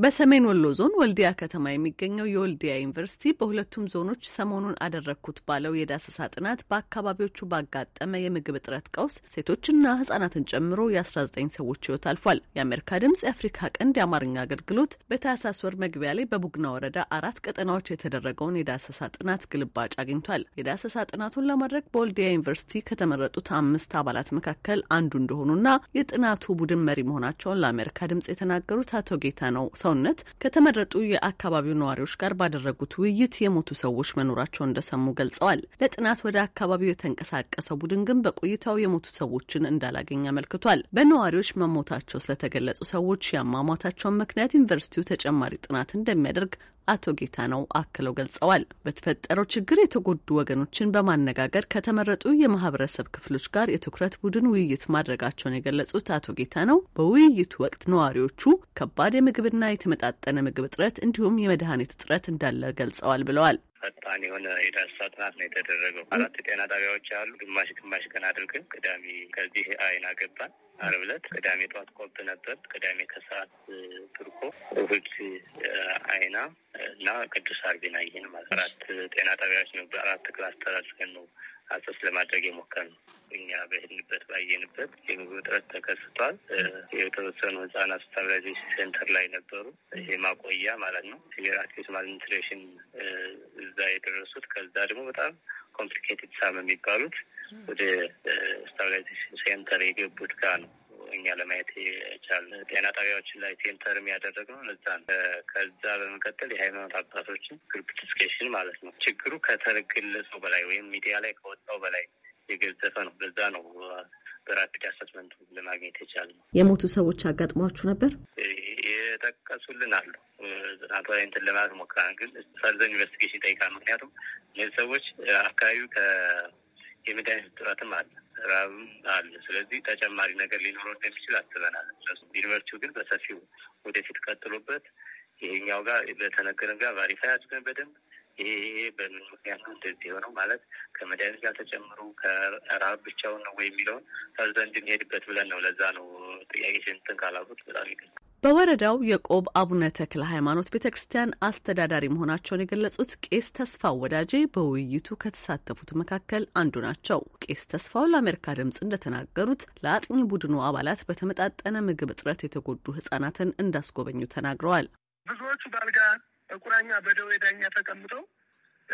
በሰሜን ወሎ ዞን ወልዲያ ከተማ የሚገኘው የወልዲያ ዩኒቨርሲቲ በሁለቱም ዞኖች ሰሞኑን አደረግኩት ባለው የዳሰሳ ጥናት በአካባቢዎቹ ባጋጠመ የምግብ እጥረት ቀውስ ሴቶችና ህጻናትን ጨምሮ የ19 ሰዎች ሕይወት አልፏል። የአሜሪካ ድምጽ የአፍሪካ ቀንድ የአማርኛ አገልግሎት በታህሳስ ወር መግቢያ ላይ በቡግና ወረዳ አራት ቀጠናዎች የተደረገውን የዳሰሳ ጥናት ግልባጭ አግኝቷል። የዳሰሳ ጥናቱን ለማድረግ በወልዲያ ዩኒቨርሲቲ ከተመረጡት አምስት አባላት መካከል አንዱ እንደሆኑና የጥናቱ ቡድን መሪ መሆናቸውን ለአሜሪካ ድምጽ የተናገሩት አቶ ጌታ ነው ሰውነት ከተመረጡ የአካባቢው ነዋሪዎች ጋር ባደረጉት ውይይት የሞቱ ሰዎች መኖራቸው እንደሰሙ ገልጸዋል። ለጥናት ወደ አካባቢው የተንቀሳቀሰው ቡድን ግን በቆይታው የሞቱ ሰዎችን እንዳላገኝ አመልክቷል። በነዋሪዎች መሞታቸው ስለተገለጹ ሰዎች ያሟሟታቸውን ምክንያት ዩኒቨርሲቲው ተጨማሪ ጥናት እንደሚያደርግ አቶ ጌታ ነው። አክለው ገልጸዋል። በተፈጠረው ችግር የተጎዱ ወገኖችን በማነጋገር ከተመረጡ የማህበረሰብ ክፍሎች ጋር የትኩረት ቡድን ውይይት ማድረጋቸውን የገለጹት አቶ ጌታ ነው። በውይይቱ ወቅት ነዋሪዎቹ ከባድ የምግብና የተመጣጠነ ምግብ እጥረት እንዲሁም የመድኃኒት እጥረት እንዳለ ገልጸዋል ብለዋል። ፈጣን የሆነ የዳሰሳ ጥናት ነው የተደረገው። አራት ጤና ጣቢያዎች አሉ። ግማሽ ግማሽ ቀን አድርገን ቅዳሜ ከዚህ አይና ገባን። አርብ ዕለት ቅዳሜ ጠዋት ቆብ ነበር። ቅዳሜ ከሰዓት ትርኮ፣ እሑድ አይና እና ቅዱስ አርቢና ይህን ማለት አራት ጤና ጣቢያዎች ነው በአራት ክላስ አድርገን ነው አሰስ ለማድረግ የሞከር ነው። እኛ በሄድንበት ባየንበት የምግብ እጥረት ተከስቷል። የተወሰኑ ህጻናት ስታብላይዜሽን ሴንተር ላይ ነበሩ። ይሄ ማቆያ ማለት ነው። ሲቪር አትሊት ማልኒትሬሽን እዛ የደረሱት ከዛ ደግሞ በጣም ኮምፕሊኬትድ ሳም የሚባሉት ወደ ስታብላይዜሽን ሴንተር የገቡት ጋር ነው እኛ ለማየት የቻልን ጤና ጣቢያዎችን ላይ ሴንተርም የሚያደረግ ነው ነው። ከዛ በመቀጠል የሃይማኖት አባቶችን ግሩፕ ማለት ነው። ችግሩ ከተገለጸው በላይ ወይም ሚዲያ ላይ ከወጣው በላይ የገዘፈ ነው። በዛ ነው በራፒድ አሰስመንቱ ለማግኘት ነው። የሞቱ ሰዎች አጋጥሟችሁ ነበር የጠቀሱልን አሉ ጥናታዊ እንትን ለማለት ሞክራን ግን ፈርዘር ኢንቨስቲጌሽን ይጠይቃል። ምክንያቱም እነዚህ ሰዎች አካባቢው ከ የመድኃኒት እጥረትም አለ፣ ራብም አለ። ስለዚህ ተጨማሪ ነገር ሊኖረው እንደሚችል አስበናል። ዩኒቨርሲቲው ግን በሰፊው ወደፊት ቀጥሎበት ይሄኛው ጋር በተነገረን ጋር ቫሪፋይ አድርገን በደንብ ይሄ በምን ምክንያት ነው እንደዚህ የሆነው ማለት ከመድኃኒት ጋር ተጨምሮ ከራብ ብቻውን ነው ወይ የሚለውን ፈርዘ እንድንሄድበት ብለን ነው። ለዛ ነው ጥያቄ ስንትን ካላሉት በጣም ይቅርታ። በወረዳው የቆብ አቡነ ተክለ ሃይማኖት ቤተ ክርስቲያን አስተዳዳሪ መሆናቸውን የገለጹት ቄስ ተስፋው ወዳጄ በውይይቱ ከተሳተፉት መካከል አንዱ ናቸው። ቄስ ተስፋው ለአሜሪካ ድምፅ እንደተናገሩት ለአጥኚ ቡድኑ አባላት በተመጣጠነ ምግብ እጥረት የተጎዱ ህጻናትን እንዳስጎበኙ ተናግረዋል። ብዙዎቹ ባልጋ ቁራኛ በደዌ ዳኛ ተቀምጠው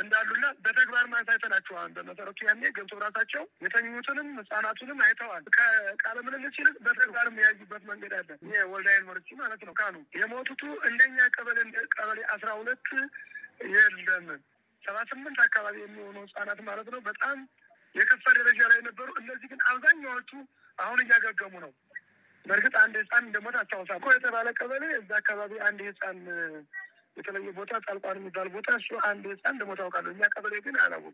እንዳሉና በተግባር ማሳይተናቸዋል። በመሰረቱ ያኔ ገብቶ ራሳቸው የተኙትንም ህጻናቱንም አይተዋል። ከቃለ ምልልስ ይልቅ በተግባር የሚያዩበት መንገድ አለ። ወልዳ ዩኒቨርሲቲ ማለት ነው። ካኑ የሞቱቱ እንደኛ ቀበሌ ቀበሌ አስራ ሁለት የለም ሰባ ስምንት አካባቢ የሚሆኑ ህጻናት ማለት ነው በጣም የከፋ ደረጃ ላይ ነበሩ። እነዚህ ግን አብዛኛዎቹ አሁን እያገገሙ ነው። በእርግጥ አንድ ህፃን እንደሞት አስታውሳለሁ። የተባለ ቀበሌ እዛ አካባቢ አንድ ህፃን የተለየ ቦታ ጣልቋን የሚባል ቦታ እሱ አንድ ህፃን እንደሞተ አውቃለሁ። እኛ ቀበሌ ግን አላወቅም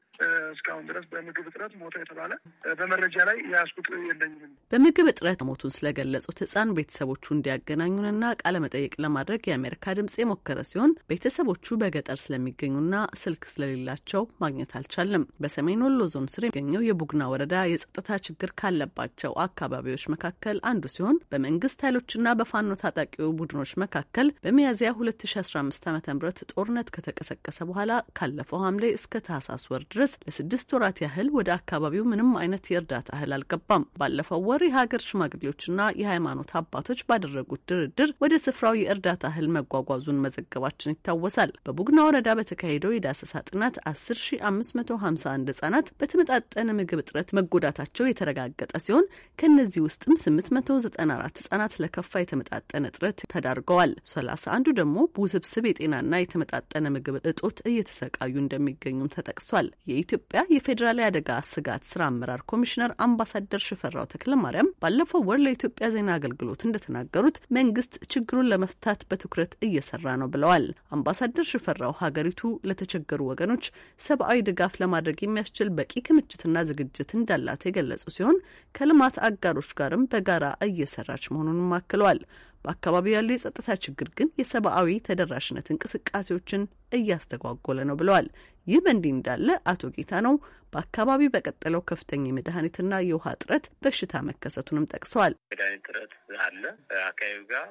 እስካሁን ድረስ በምግብ እጥረት ሞተ የተባለ በመረጃ ላይ ያስቁጥ የለኝም። በምግብ እጥረት ሞቱን ስለገለጹት ህፃን ቤተሰቦቹ እንዲያገናኙንና ቃለ መጠየቅ ለማድረግ የአሜሪካ ድምጽ የሞከረ ሲሆን ቤተሰቦቹ በገጠር ስለሚገኙና ስልክ ስለሌላቸው ማግኘት አልቻለም። በሰሜን ወሎ ዞን ስር የሚገኘው የቡግና ወረዳ የጸጥታ ችግር ካለባቸው አካባቢዎች መካከል አንዱ ሲሆን በመንግስት ኃይሎችና በፋኖ ታጣቂው ቡድኖች መካከል በሚያዝያ 2015 ዓ.ም ጦርነት ከተቀሰቀሰ በኋላ ካለፈው ሐምሌ እስከ ታህሳስ ወር ድረስ ለስድስት ወራት ያህል ወደ አካባቢው ምንም አይነት የእርዳታ እህል አልገባም። ባለፈው ወር የሀገር ሽማግሌዎችና የሃይማኖት አባቶች ባደረጉት ድርድር ወደ ስፍራው የእርዳታ እህል መጓጓዙን መዘገባችን ይታወሳል። በቡግና ወረዳ በተካሄደው የዳሰሳ ጥናት 10551 ህጻናት በተመጣጠነ ምግብ እጥረት መጎዳታቸው የተረጋገጠ ሲሆን ከእነዚህ ውስጥም 894 ህጻናት ለከፋ የተመጣጠነ እጥረት ተዳርገዋል። 31ዱ ደግሞ ውስብስብ የጤናና የተመጣጠነ ምግብ እጦት እየተሰቃዩ እንደሚገኙም ተጠቅሷል። የኢትዮጵያ የፌዴራል አደጋ ስጋት ስራ አመራር ኮሚሽነር አምባሳደር ሽፈራው ተክለ ማርያም ባለፈው ወር ለኢትዮጵያ ዜና አገልግሎት እንደተናገሩት መንግስት ችግሩን ለመፍታት በትኩረት እየሰራ ነው ብለዋል። አምባሳደር ሽፈራው ሀገሪቱ ለተቸገሩ ወገኖች ሰብአዊ ድጋፍ ለማድረግ የሚያስችል በቂ ክምችትና ዝግጅት እንዳላት የገለጹ ሲሆን ከልማት አጋሮች ጋርም በጋራ እየሰራች መሆኑንም አክለዋል። በአካባቢው ያለው የጸጥታ ችግር ግን የሰብአዊ ተደራሽነት እንቅስቃሴዎችን እያስተጓጎለ ነው ብለዋል። ይህ በእንዲህ እንዳለ አቶ ጌታ ነው በአካባቢ በቀጠለው ከፍተኛ የመድኃኒትና የውሃ እጥረት በሽታ መከሰቱንም ጠቅሰዋል። መድኃኒት እጥረት አለ አካባቢው ጋር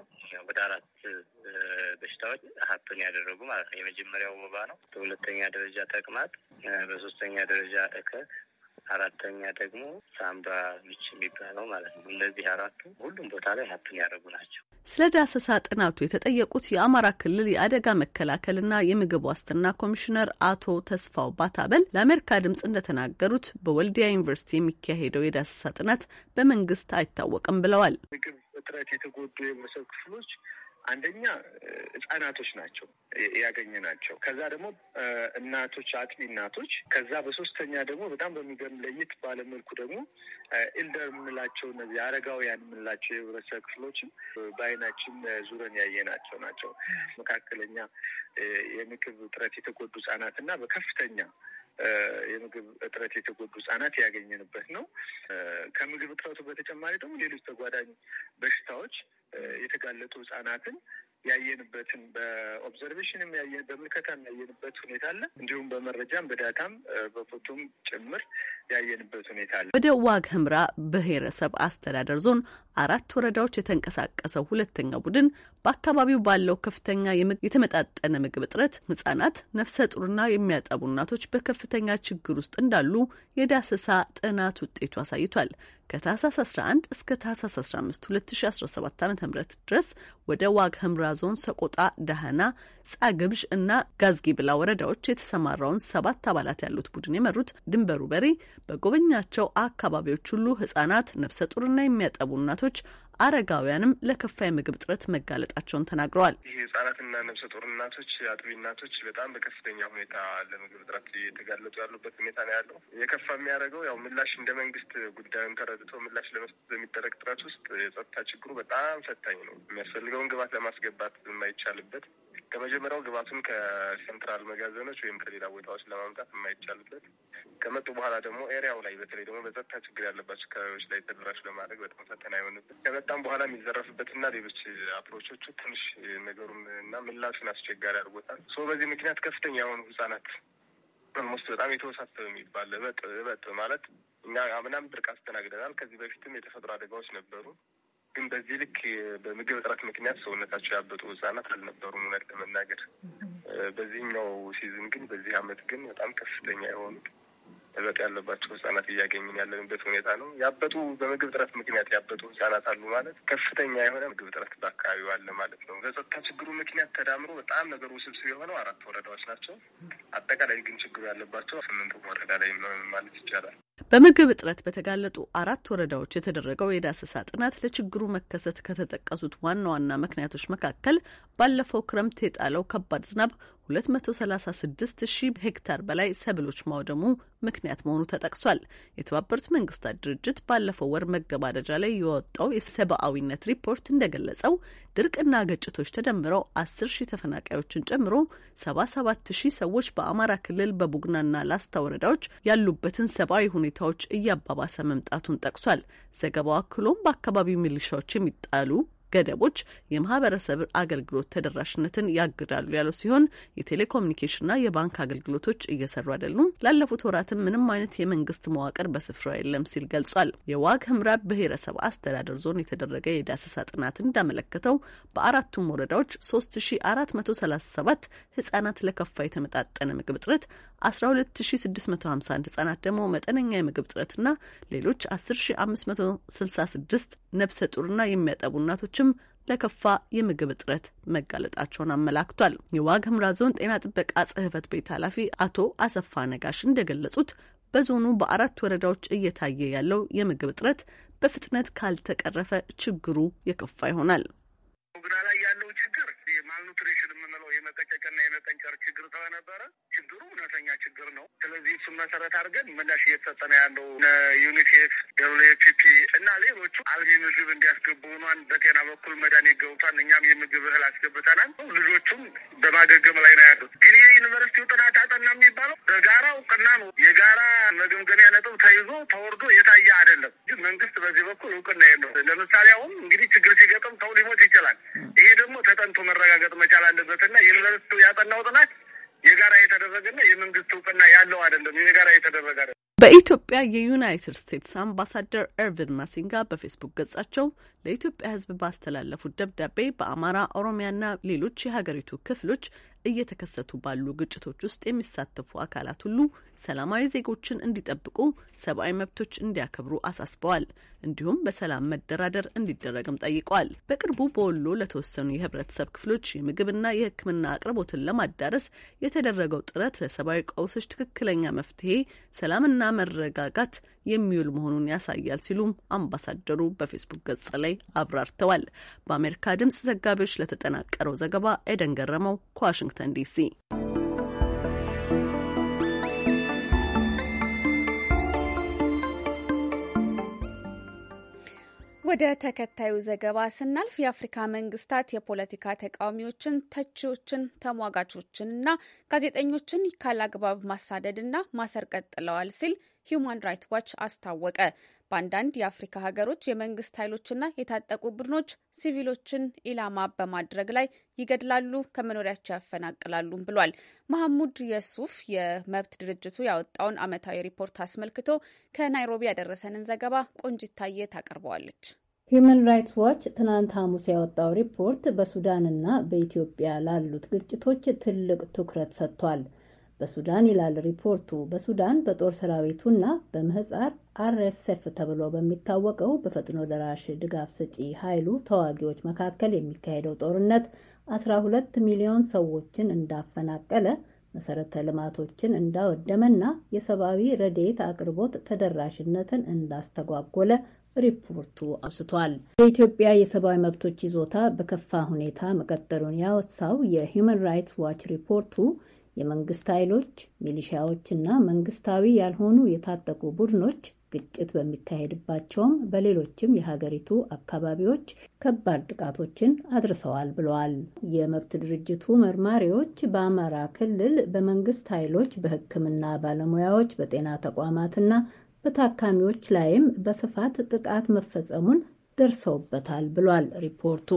ወደ አራት በሽታዎች ሀብትን ያደረጉ ማለት ነው። የመጀመሪያው ወባ ነው። በሁለተኛ ደረጃ ተቅማጥ፣ በሶስተኛ ደረጃ እከክ አራተኛ ደግሞ ሳምባ ምች የሚባለው ማለት ነው። እነዚህ አራቱ ሁሉም ቦታ ላይ ሀብትን ያደረጉ ናቸው። ስለ ዳሰሳ ጥናቱ የተጠየቁት የአማራ ክልል የአደጋ መከላከልና የምግብ ዋስትና ኮሚሽነር አቶ ተስፋው ባታበል ለአሜሪካ ድምጽ እንደተናገሩት በወልዲያ ዩኒቨርሲቲ የሚካሄደው የዳሰሳ ጥናት በመንግስት አይታወቅም ብለዋል። ምግብ እጥረት የተጎዱ የህብረተሰብ ክፍሎች አንደኛ ህጻናቶች ናቸው ያገኘ ናቸው። ከዛ ደግሞ እናቶች፣ አጥቢ እናቶች። ከዛ በሶስተኛ ደግሞ በጣም በሚገርም ለየት ባለመልኩ ደግሞ ኢልደር የምንላቸው እነዚህ አረጋውያን የምንላቸው የህብረተሰብ ክፍሎችም በአይናችን ዙረን ያየናቸው ናቸው። መካከለኛ የምግብ እጥረት የተጎዱ ህጻናት እና በከፍተኛ የምግብ እጥረት የተጎዱ ህጻናት ያገኘንበት ነው። ከምግብ እጥረቱ በተጨማሪ ደግሞ ሌሎች ተጓዳኝ በሽታዎች የተጋለጡ ህጻናትን ያየንበትን በኦብዘርቬሽንም ያየ በምልከታም ያየንበት ሁኔታ አለ። እንዲሁም በመረጃም በዳታም በፎቶም ጭምር ያየንበት ሁኔታ አለ። ወደ ዋግ ህምራ ብሔረሰብ አስተዳደር ዞን አራት ወረዳዎች የተንቀሳቀሰው ሁለተኛ ቡድን በአካባቢው ባለው ከፍተኛ የተመጣጠነ ምግብ እጥረት ህጻናት፣ ነፍሰ ጡርና የሚያጠቡ እናቶች በከፍተኛ ችግር ውስጥ እንዳሉ የዳሰሳ ጥናት ውጤቱ አሳይቷል። ከታህሳስ 11 እስከ ታህሳስ 15 2017 ዓ ም ድረስ ወደ ዋግ ህምራ ዞን ሰቆጣ፣ ደህና፣ ጻግብዥ እና ብላ ወረዳዎች የተሰማራውን ሰባት አባላት ያሉት ቡድን የመሩት ድንበሩ በሪ በጎበኛቸው አካባቢዎች ሁሉ ህጻናት፣ ነፍሰ ጡርና የሚያጠቡ እናቶች አረጋውያንም ለከፋ የምግብ እጥረት መጋለጣቸውን ተናግረዋል። ይህ ህጻናትና ነብሰ ጡር እናቶች፣ አጥቢ እናቶች በጣም በከፍተኛ ሁኔታ ለምግብ እጥረት የተጋለጡ ያሉበት ሁኔታ ነው ያለው። የከፋ የሚያደርገው ያው ምላሽ እንደ መንግስት ጉዳዩን ተረድቶ ምላሽ ለመስጠት በሚደረግ ጥረት ውስጥ የጸጥታ ችግሩ በጣም ፈታኝ ነው። የሚያስፈልገውን ግባት ለማስገባት የማይቻልበት ከመጀመሪያው ግብአቱን ከሴንትራል መጋዘኖች ወይም ከሌላ ቦታዎች ለማምጣት የማይቻልበት ከመጡ በኋላ ደግሞ ኤሪያው ላይ በተለይ ደግሞ በጸጥታ ችግር ያለባቸው አካባቢዎች ላይ ተደራሽ ለማድረግ በጣም ፈተና የሆንበት ከመጣም በኋላ የሚዘረፍበትና ሌሎች አፕሮቾቹ ትንሽ ነገሩን እና ምላሹን አስቸጋሪ አድርጎታል። ሶ በዚህ ምክንያት ከፍተኛ የሆኑ ህጻናት ኦልሞስት በጣም የተወሳሰበ የሚባል እበጥ እበጥ ማለት እኛ አምናም ድርቅ አስተናግደናል። ከዚህ በፊትም የተፈጥሮ አደጋዎች ነበሩ። ግን በዚህ ልክ በምግብ እጥረት ምክንያት ሰውነታቸው ያበጡ ህጻናት አልነበሩም እውነት ለመናገር በዚህኛው ሲዝን ግን በዚህ አመት ግን በጣም ከፍተኛ የሆኑት መጠበቅ ያለባቸው ህጻናት እያገኝን ያለንበት ሁኔታ ነው። ያበጡ በምግብ ጥረት ምክንያት ያበጡ ህጻናት አሉ ማለት ከፍተኛ የሆነ ምግብ ጥረት በአካባቢው አለ ማለት ነው። በጸጥታ ችግሩ ምክንያት ተዳምሮ በጣም ነገሩ ውስብስብ የሆነው አራት ወረዳዎች ናቸው። አጠቃላይ ግን ችግሩ ያለባቸው ስምንቱ ወረዳ ላይ ማለት ይቻላል። በምግብ እጥረት በተጋለጡ አራት ወረዳዎች የተደረገው የዳሰሳ ጥናት ለችግሩ መከሰት ከተጠቀሱት ዋና ዋና ምክንያቶች መካከል ባለፈው ክረምት የጣለው ከባድ ዝናብ 236 ሺህ ሄክታር በላይ ሰብሎች ማውደሙ ምክንያት መሆኑ ተጠቅሷል። የተባበሩት መንግስታት ድርጅት ባለፈው ወር መገባደጃ ላይ የወጣው የሰብአዊነት ሪፖርት እንደገለጸው ድርቅና ግጭቶች ተደምረው 10 ሺህ ተፈናቃዮችን ጨምሮ 77 ሺህ ሰዎች በአማራ ክልል በቡግናና ላስታ ወረዳዎች ያሉበትን ሰብአዊ ሁኔታዎች እያባባሰ መምጣቱን ጠቅሷል። ዘገባው አክሎም በአካባቢው ሚሊሻዎች የሚጣሉ ገደቦች የማህበረሰብ አገልግሎት ተደራሽነትን ያግዳሉ ያለው ሲሆን የቴሌኮሙኒኬሽንና የባንክ አገልግሎቶች እየሰሩ አይደሉም፣ ላለፉት ወራትም ምንም አይነት የመንግስት መዋቅር በስፍራው የለም ሲል ገልጿል። የዋግ ህምራ ብሔረሰብ አስተዳደር ዞን የተደረገ የዳሰሳ ጥናት እንዳመለከተው በአራቱም ወረዳዎች 3437 ህጻናት ለከፋ የተመጣጠነ ምግብ እጥረት 12651 ህጻናት ደግሞ መጠነኛ የምግብ እጥረትና ሌሎች 10566 ነፍሰ ጡርና የሚያጠቡ እናቶችም ለከፋ የምግብ እጥረት መጋለጣቸውን አመላክቷል። የዋግ ህምራ ዞን ጤና ጥበቃ ጽህፈት ቤት ኃላፊ አቶ አሰፋ ነጋሽ እንደገለጹት በዞኑ በአራት ወረዳዎች እየታየ ያለው የምግብ እጥረት በፍጥነት ካልተቀረፈ ችግሩ የከፋ ይሆናል። ጉና ላይ ያለው ኑትሪሽን የምንለው የመቀጨጭና የመቀንጨር ችግር ስለነበረ ችግሩ እውነተኛ ችግር ነው። ስለዚህ እሱን መሰረት አድርገን ምላሽ እየተሰጠነ ያለው ዩኒሴፍ፣ ደብሊፒፒ እና ሌሎቹ አልሚ ምግብ እንዲያስገቡ ሆኗን በጤና በኩል መድኃኒት ገብቷል። እኛም የምግብ እህል አስገብተናል። ልጆቹም በማገገም ላይ ነው ያሉት። ግን የዩኒቨርሲቲው ጥናት አጠና የሚባለው በጋራ እውቅና ነው። የጋራ መገምገሚያ ነጥብ ተይዞ ተወርዶ የታየ አይደለም። መንግስት በዚህ በኩል እውቅና የለው። ለምሳሌ አሁን እንግዲህ ችግር ሲገጥም ሰው ሊሞት ይችላል። ይሄ ደግሞ ተጠንቶ መረጋገጥ መቻል አለበትና ዩኒቨርስቲ ያጠናው ጥናት የጋራ የተደረገና የመንግስት እውቅና ያለው አይደለም። የጋራ የተደረገ አይደለም። በኢትዮጵያ የዩናይትድ ስቴትስ አምባሳደር ኤርቪን ማሲንጋ በፌስቡክ ገጻቸው ለኢትዮጵያ ሕዝብ ባስተላለፉት ደብዳቤ በአማራ፣ ኦሮሚያና ሌሎች የሀገሪቱ ክፍሎች እየተከሰቱ ባሉ ግጭቶች ውስጥ የሚሳተፉ አካላት ሁሉ ሰላማዊ ዜጎችን እንዲጠብቁ፣ ሰብአዊ መብቶች እንዲያከብሩ አሳስበዋል። እንዲሁም በሰላም መደራደር እንዲደረግም ጠይቋል። በቅርቡ በወሎ ለተወሰኑ የህብረተሰብ ክፍሎች የምግብና የሕክምና አቅርቦትን ለማዳረስ የተደረገው ጥረት ለሰብአዊ ቀውሶች ትክክለኛ መፍትሄ ሰላምና መረጋጋት የሚውል መሆኑን ያሳያል ሲሉም አምባሳደሩ በፌስቡክ ገጽ ላይ አብራርተዋል። በአሜሪካ ድምጽ ዘጋቢዎች ለተጠናቀረው ዘገባ ኤደን ገረመው ከዋሽንግተን ዲሲ። ወደ ተከታዩ ዘገባ ስናልፍ የአፍሪካ መንግስታት የፖለቲካ ተቃዋሚዎችን፣ ተቺዎችን፣ ተሟጋቾችንና ጋዜጠኞችን ካላግባብ ማሳደድና ማሰር ቀጥለዋል ሲል ሂዩማን ራይትስ ዋች አስታወቀ። በአንዳንድ የአፍሪካ ሀገሮች የመንግስት ኃይሎችና የታጠቁ ቡድኖች ሲቪሎችን ኢላማ በማድረግ ላይ ይገድላሉ፣ ከመኖሪያቸው ያፈናቅላሉም ብሏል። መሐሙድ የሱፍ የመብት ድርጅቱ ያወጣውን ዓመታዊ ሪፖርት አስመልክቶ ከናይሮቢ ያደረሰንን ዘገባ ቆንጂታዬ ታቀርበዋለች። ሂዩማን ራይትስ ዋች ትናንት ሐሙስ ያወጣው ሪፖርት በሱዳንና በኢትዮጵያ ላሉት ግጭቶች ትልቅ ትኩረት ሰጥቷል። በሱዳን ይላል ሪፖርቱ በሱዳን በጦር ሰራዊቱና በምህጻር አርኤስኤፍ ተብሎ በሚታወቀው በፈጥኖ ደራሽ ድጋፍ ሰጪ ኃይሉ ተዋጊዎች መካከል የሚካሄደው ጦርነት 12 ሚሊዮን ሰዎችን እንዳፈናቀለ መሰረተ ልማቶችን እንዳወደመና የሰብአዊ ረድኤት አቅርቦት ተደራሽነትን እንዳስተጓጎለ ሪፖርቱ አውስቷል። የኢትዮጵያ የሰብአዊ መብቶች ይዞታ በከፋ ሁኔታ መቀጠሉን ያወሳው የሂዩማን ራይትስ ዋች ሪፖርቱ የመንግስት ኃይሎች፣ ና መንግስታዊ ያልሆኑ የታጠቁ ቡድኖች ግጭት በሚካሄድባቸውም በሌሎችም የሀገሪቱ አካባቢዎች ከባድ ጥቃቶችን አድርሰዋል ብለዋል። የመብት ድርጅቱ መርማሪዎች በአማራ ክልል በመንግስት ኃይሎች በሕክምና ባለሙያዎች በጤና ተቋማትና በታካሚዎች ላይም በስፋት ጥቃት መፈጸሙን ደርሰውበታል ብሏል ሪፖርቱ።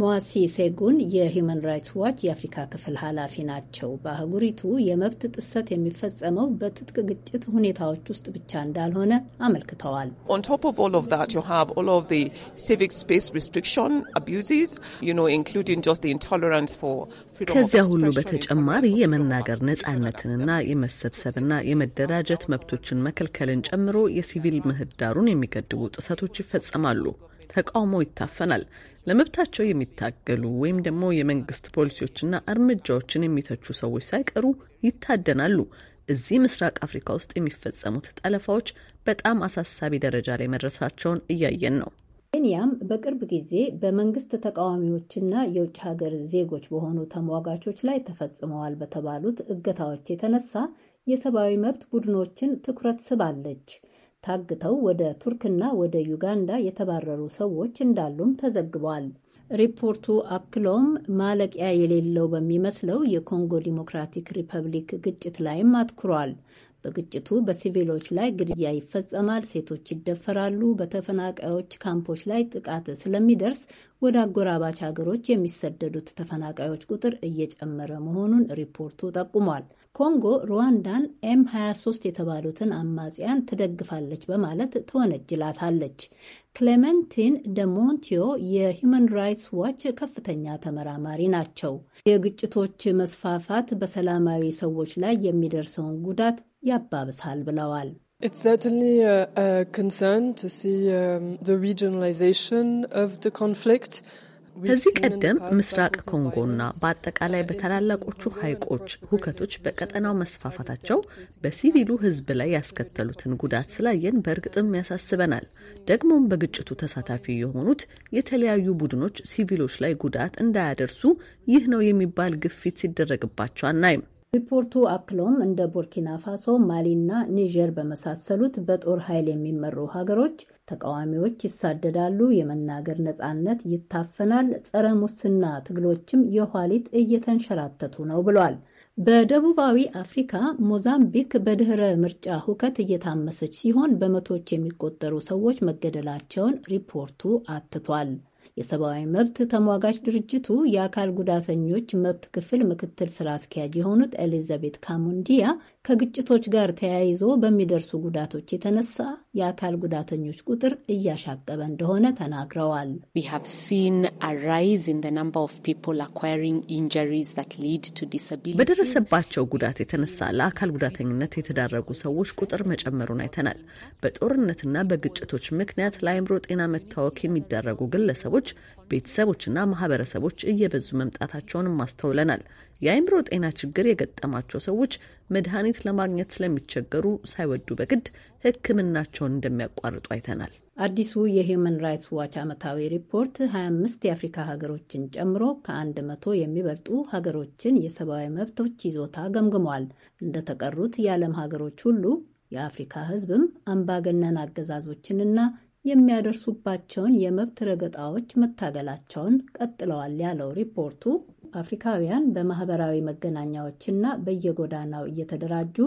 ሟሲ ሴጉን የሂውማን ራይትስ ዋች የአፍሪካ ክፍል ኃላፊ ናቸው። በአህጉሪቱ የመብት ጥሰት የሚፈጸመው በትጥቅ ግጭት ሁኔታዎች ውስጥ ብቻ እንዳልሆነ አመልክተዋል። ከዚያ ሁሉ በተጨማሪ የመናገር ነጻነትንና የመሰብሰብና የመደራጀት መብቶችን መከልከልን ጨምሮ የሲቪል ምህዳሩን የሚገድቡ ጥሰቶች ይፈጸማሉ። ተቃውሞ ይታፈናል። ለመብታቸው የሚታገሉ ወይም ደግሞ የመንግስት ፖሊሲዎችና እርምጃዎችን የሚተቹ ሰዎች ሳይቀሩ ይታደናሉ። እዚህ ምስራቅ አፍሪካ ውስጥ የሚፈጸሙት ጠለፋዎች በጣም አሳሳቢ ደረጃ ላይ መድረሳቸውን እያየን ነው። ኬንያም በቅርብ ጊዜ በመንግስት ተቃዋሚዎችና የውጭ ሀገር ዜጎች በሆኑ ተሟጋቾች ላይ ተፈጽመዋል በተባሉት እገታዎች የተነሳ የሰብአዊ መብት ቡድኖችን ትኩረት ስባለች። ታግተው ወደ ቱርክና ወደ ዩጋንዳ የተባረሩ ሰዎች እንዳሉም ተዘግቧል። ሪፖርቱ አክሎም ማለቂያ የሌለው በሚመስለው የኮንጎ ዲሞክራቲክ ሪፐብሊክ ግጭት ላይም አትኩሯል። በግጭቱ በሲቪሎች ላይ ግድያ ይፈጸማል፣ ሴቶች ይደፈራሉ፣ በተፈናቃዮች ካምፖች ላይ ጥቃት ስለሚደርስ ወደ አጎራባች ሀገሮች የሚሰደዱት ተፈናቃዮች ቁጥር እየጨመረ መሆኑን ሪፖርቱ ጠቁሟል። ኮንጎ ሩዋንዳን ኤም 23 የተባሉትን አማጽያን ትደግፋለች በማለት ትወነጅላታለች። ክሌመንቲን ደሞንቲዮ የሂዩማን ራይትስ ዋች ከፍተኛ ተመራማሪ ናቸው። የግጭቶች መስፋፋት በሰላማዊ ሰዎች ላይ የሚደርሰውን ጉዳት ያባብሳል ብለዋል። It's certainly a, a concern to see um, the regionalization of the conflict. ከዚህ ቀደም ምስራቅ ኮንጎና በአጠቃላይ በታላላቆቹ ሐይቆች ሁከቶች በቀጠናው መስፋፋታቸው በሲቪሉ ሕዝብ ላይ ያስከተሉትን ጉዳት ስላየን በእርግጥም ያሳስበናል። ደግሞም በግጭቱ ተሳታፊ የሆኑት የተለያዩ ቡድኖች ሲቪሎች ላይ ጉዳት እንዳያደርሱ ይህ ነው የሚባል ግፊት ሲደረግባቸው አናይም። ሪፖርቱ አክሎም እንደ ቡርኪና ፋሶ፣ ማሊና ኒጀር በመሳሰሉት በጦር ኃይል የሚመሩ ሀገሮች ተቃዋሚዎች ይሳደዳሉ፣ የመናገር ነጻነት ይታፈናል፣ ጸረ ሙስና ትግሎችም የኋሊት እየተንሸራተቱ ነው ብሏል። በደቡባዊ አፍሪካ ሞዛምቢክ በድህረ ምርጫ ሁከት እየታመሰች ሲሆን በመቶዎች የሚቆጠሩ ሰዎች መገደላቸውን ሪፖርቱ አትቷል። የሰብአዊ መብት ተሟጋች ድርጅቱ የአካል ጉዳተኞች መብት ክፍል ምክትል ስራ አስኪያጅ የሆኑት ኤሊዛቤት ካሙንዲያ ከግጭቶች ጋር ተያይዞ በሚደርሱ ጉዳቶች የተነሳ የአካል ጉዳተኞች ቁጥር እያሻቀበ እንደሆነ ተናግረዋል። በደረሰባቸው ጉዳት የተነሳ ለአካል ጉዳተኝነት የተዳረጉ ሰዎች ቁጥር መጨመሩን አይተናል። በጦርነትና በግጭቶች ምክንያት ለአእምሮ ጤና መታወክ የሚደረጉ ግለሰቦች፣ ቤተሰቦችና ማህበረሰቦች እየበዙ መምጣታቸውንም አስተውለናል። የአይምሮ ጤና ችግር የገጠማቸው ሰዎች መድኃኒት ለማግኘት ስለሚቸገሩ ሳይወዱ በግድ ሕክምናቸውን እንደሚያቋርጡ አይተናል። አዲሱ የሂዩማን ራይትስ ዋች ዓመታዊ ሪፖርት 25 የአፍሪካ ሀገሮችን ጨምሮ ከአንድ መቶ የሚበልጡ ሀገሮችን የሰብአዊ መብቶች ይዞታ ገምግሟል። እንደተቀሩት የዓለም ሀገሮች ሁሉ የአፍሪካ ሕዝብም አምባገነን አገዛዞችንና የሚያደርሱባቸውን የመብት ረገጣዎች መታገላቸውን ቀጥለዋል ያለው ሪፖርቱ አፍሪካውያን በማህበራዊ መገናኛዎችና በየጎዳናው እየተደራጁ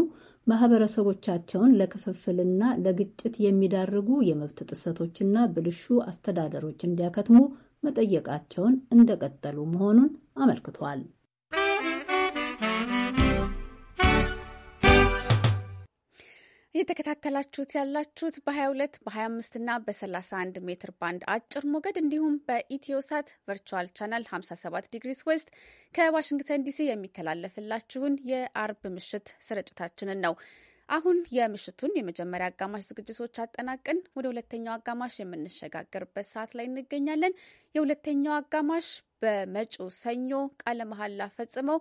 ማህበረሰቦቻቸውን ለክፍፍልና ለግጭት የሚዳርጉ የመብት ጥሰቶችና ብልሹ አስተዳደሮች እንዲያከትሙ መጠየቃቸውን እንደቀጠሉ መሆኑን አመልክቷል። እየተከታተላችሁት ያላችሁት በ22 በ25 እና በ31 ሜትር ባንድ አጭር ሞገድ እንዲሁም በኢትዮሳት ቨርቹዋል ቻናል 57 ዲግሪስ ዌስት ከዋሽንግተን ዲሲ የሚተላለፍላችሁን የአርብ ምሽት ስርጭታችንን ነው። አሁን የምሽቱን የመጀመሪያ አጋማሽ ዝግጅቶች አጠናቅን ወደ ሁለተኛው አጋማሽ የምንሸጋገርበት ሰዓት ላይ እንገኛለን። የሁለተኛው አጋማሽ በመጪው ሰኞ ቃለ መሐላ ፈጽመው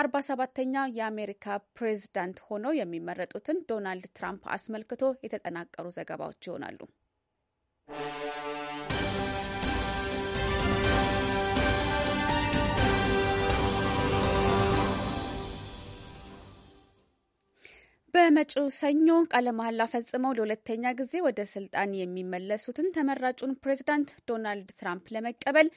አርባ ሰባተኛ የአሜሪካ ፕሬዝዳንት ሆነው የሚመረጡትን ዶናልድ ትራምፕ አስመልክቶ የተጠናቀሩ ዘገባዎች ይሆናሉ። በመጪው ሰኞ ቃለ መሐላ ፈጽመው ለሁለተኛ ጊዜ ወደ ስልጣን የሚመለሱትን ተመራጩን ፕሬዝዳንት ዶናልድ ትራምፕ ለመቀበል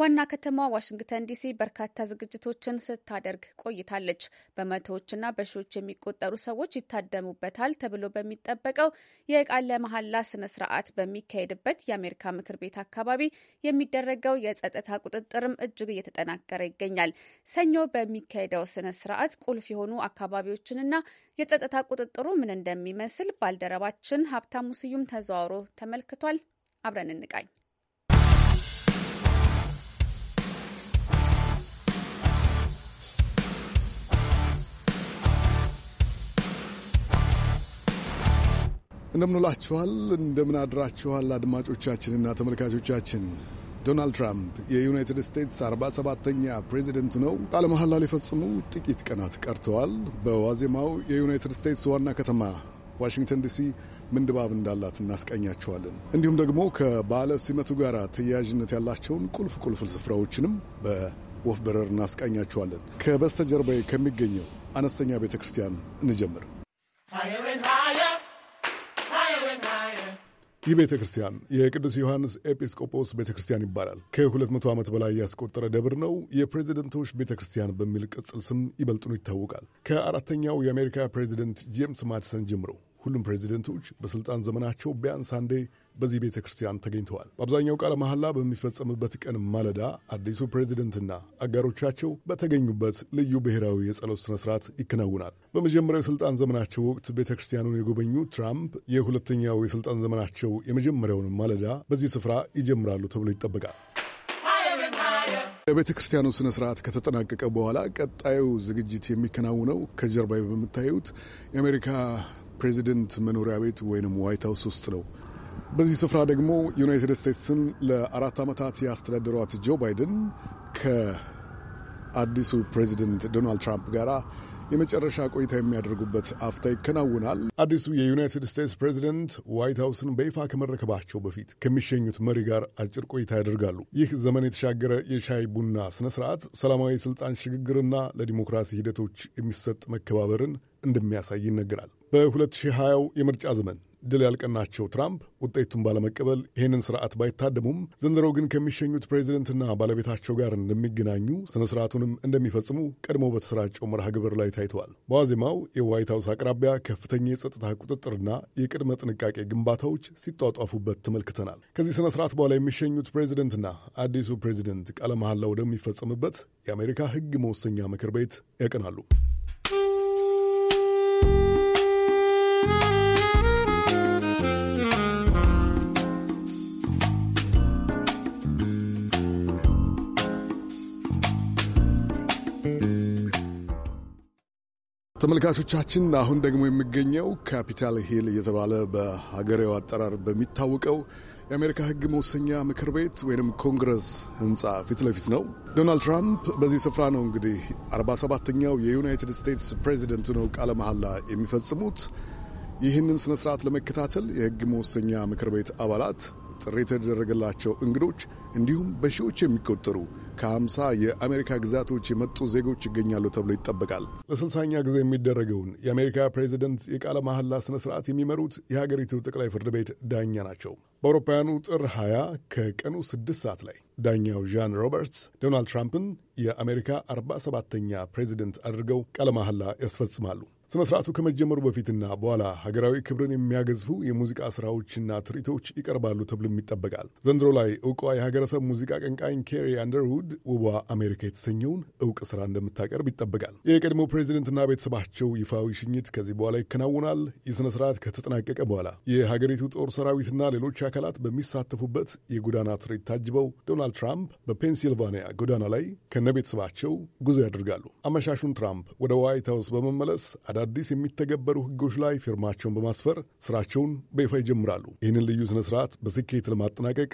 ዋና ከተማ ዋሽንግተን ዲሲ በርካታ ዝግጅቶችን ስታደርግ ቆይታለች። በመቶዎችና በሺዎች የሚቆጠሩ ሰዎች ይታደሙበታል ተብሎ በሚጠበቀው የቃለ መሐላ ስነ ስርዓት በሚካሄድበት የአሜሪካ ምክር ቤት አካባቢ የሚደረገው የጸጥታ ቁጥጥርም እጅግ እየተጠናከረ ይገኛል። ሰኞ በሚካሄደው ስነ ስርዓት ቁልፍ የሆኑ አካባቢዎችንና የጸጥታ ቁጥጥሩ ምን እንደሚመስል ባልደረባችን ሀብታሙ ስዩም ተዘዋውሮ ተመልክቷል። አብረን እንቃኝ። እንደምንውላችኋል፣ እንደምን አድራችኋል አድማጮቻችንና ተመልካቾቻችን። ዶናልድ ትራምፕ የዩናይትድ ስቴትስ 47ተኛ ፕሬዚደንቱ ነው ቃለ መሐላ ሊፈጽሙ ጥቂት ቀናት ቀርተዋል። በዋዜማው የዩናይትድ ስቴትስ ዋና ከተማ ዋሽንግተን ዲሲ ምን ድባብ እንዳላት እናስቃኛችኋለን። እንዲሁም ደግሞ ከባለ ሲመቱ ጋር ተያያዥነት ያላቸውን ቁልፍ ቁልፍ ስፍራዎችንም በወፍ በረር እናስቃኛችኋለን። ከበስተጀርባ ከሚገኘው አነስተኛ ቤተ ክርስቲያን እንጀምር። ይህ ቤተ ክርስቲያን የቅዱስ ዮሐንስ ኤጲስቆጶስ ቤተ ክርስቲያን ይባላል። ከ200 ዓመት በላይ ያስቆጠረ ደብር ነው። የፕሬዚደንቶች ቤተ ክርስቲያን በሚል ቅጽል ስም ይበልጡኑ ይታወቃል። ከአራተኛው የአሜሪካ ፕሬዚደንት ጄምስ ማዲሰን ጀምሮ ሁሉም ፕሬዚደንቶች በሥልጣን ዘመናቸው ቢያንስ አንዴ በዚህ ቤተ ክርስቲያን ተገኝተዋል። በአብዛኛው ቃለ መሐላ በሚፈጸምበት ቀን ማለዳ አዲሱ ፕሬዚደንትና አጋሮቻቸው በተገኙበት ልዩ ብሔራዊ የጸሎት ስነ ስርዓት ይከናውናል። በመጀመሪያው የሥልጣን ዘመናቸው ወቅት ቤተ ክርስቲያኑን የጎበኙ ትራምፕ የሁለተኛው የሥልጣን ዘመናቸው የመጀመሪያውን ማለዳ በዚህ ስፍራ ይጀምራሉ ተብሎ ይጠበቃል። የቤተ ክርስቲያኑ ስነ ስርዓት ከተጠናቀቀ በኋላ ቀጣዩ ዝግጅት የሚከናውነው ከጀርባ በምታዩት የአሜሪካ ፕሬዚደንት መኖሪያ ቤት ወይንም ዋይት ሀውስ ውስጥ ነው። በዚህ ስፍራ ደግሞ ዩናይትድ ስቴትስን ለአራት ዓመታት ያስተዳደሯት ጆ ባይደን ከአዲሱ ፕሬዚደንት ዶናልድ ትራምፕ ጋር የመጨረሻ ቆይታ የሚያደርጉበት አፍታ ይከናውናል። አዲሱ የዩናይትድ ስቴትስ ፕሬዚደንት ዋይት ሀውስን በይፋ ከመረከባቸው በፊት ከሚሸኙት መሪ ጋር አጭር ቆይታ ያደርጋሉ። ይህ ዘመን የተሻገረ የሻይ ቡና ስነ ስርዓት ሰላማዊ ስልጣን ሽግግርና ለዲሞክራሲ ሂደቶች የሚሰጥ መከባበርን እንደሚያሳይ ይነገራል። በ2020 የምርጫ ዘመን ድል ያልቀናቸው ትራምፕ ውጤቱን ባለመቀበል ይህንን ስርዓት ባይታደሙም ዘንድሮ ግን ከሚሸኙት ፕሬዚደንትና ባለቤታቸው ጋር እንደሚገናኙ ስነ ስርዓቱንም እንደሚፈጽሙ ቀድሞ በተሰራጨው መርሃ ግብር ላይ ታይተዋል። በዋዜማው የዋይት ሀውስ አቅራቢያ ከፍተኛ የጸጥታ ቁጥጥርና የቅድመ ጥንቃቄ ግንባታዎች ሲጧጧፉበት ተመልክተናል። ከዚህ ስነ ስርዓት በኋላ የሚሸኙት ፕሬዚደንትና አዲሱ ፕሬዚደንት ቃለ መሐላ ወደሚፈጸምበት የአሜሪካ ሕግ መወሰኛ ምክር ቤት ያቀናሉ። ተመልካቾቻችን አሁን ደግሞ የሚገኘው ካፒታል ሂል እየተባለ በሀገሬው አጠራር በሚታወቀው የአሜሪካ ሕግ መወሰኛ ምክር ቤት ወይም ኮንግረስ ህንፃ ፊት ለፊት ነው። ዶናልድ ትራምፕ በዚህ ስፍራ ነው እንግዲህ 47ተኛው የዩናይትድ ስቴትስ ፕሬዚደንቱ ነው ቃለ መሐላ የሚፈጽሙት። ይህንን ስነ ስርዓት ለመከታተል የሕግ መወሰኛ ምክር ቤት አባላት ጥሪ የተደረገላቸው እንግዶች እንዲሁም በሺዎች የሚቆጠሩ ከ50 የአሜሪካ ግዛቶች የመጡ ዜጎች ይገኛሉ ተብሎ ይጠበቃል። ለስልሳኛ ጊዜ የሚደረገውን የአሜሪካ ፕሬዚደንት የቃለ መሐላ ስነ ስርዓት የሚመሩት የሀገሪቱ ጠቅላይ ፍርድ ቤት ዳኛ ናቸው። በአውሮፓውያኑ ጥር 20 ከቀኑ 6 ሰዓት ላይ ዳኛው ዣን ሮበርትስ ዶናልድ ትራምፕን የአሜሪካ 47ተኛ ፕሬዚደንት አድርገው ቃለ መሐላ ያስፈጽማሉ። ሥነ ሥርዓቱ ከመጀመሩ በፊትና በኋላ ሀገራዊ ክብርን የሚያገዝፉ የሙዚቃ ስራዎችና ትርኢቶች ይቀርባሉ ተብሎም ይጠበቃል። ዘንድሮ ላይ እውቋ የሀገረሰብ ሙዚቃ አቀንቃኝ ኬሪ አንደርውድ ውቧ አሜሪካ የተሰኘውን እውቅ ስራ እንደምታቀርብ ይጠበቃል። የቀድሞ ፕሬዚደንትና ቤተሰባቸው ይፋዊ ሽኝት ከዚህ በኋላ ይከናወናል። የሥነ ሥርዓት ከተጠናቀቀ በኋላ የሀገሪቱ ጦር ሰራዊትና ሌሎች አካላት በሚሳተፉበት የጎዳና ትርኢት ታጅበው ዶናልድ ዶናልድ ትራምፕ በፔንሲልቫኒያ ጎዳና ላይ ከነቤተሰባቸው ጉዞ ያደርጋሉ። አመሻሹን ትራምፕ ወደ ዋይት ሀውስ በመመለስ አዳዲስ የሚተገበሩ ሕጎች ላይ ፊርማቸውን በማስፈር ስራቸውን በይፋ ይጀምራሉ። ይህንን ልዩ ስነ ስርዓት በስኬት ለማጠናቀቅ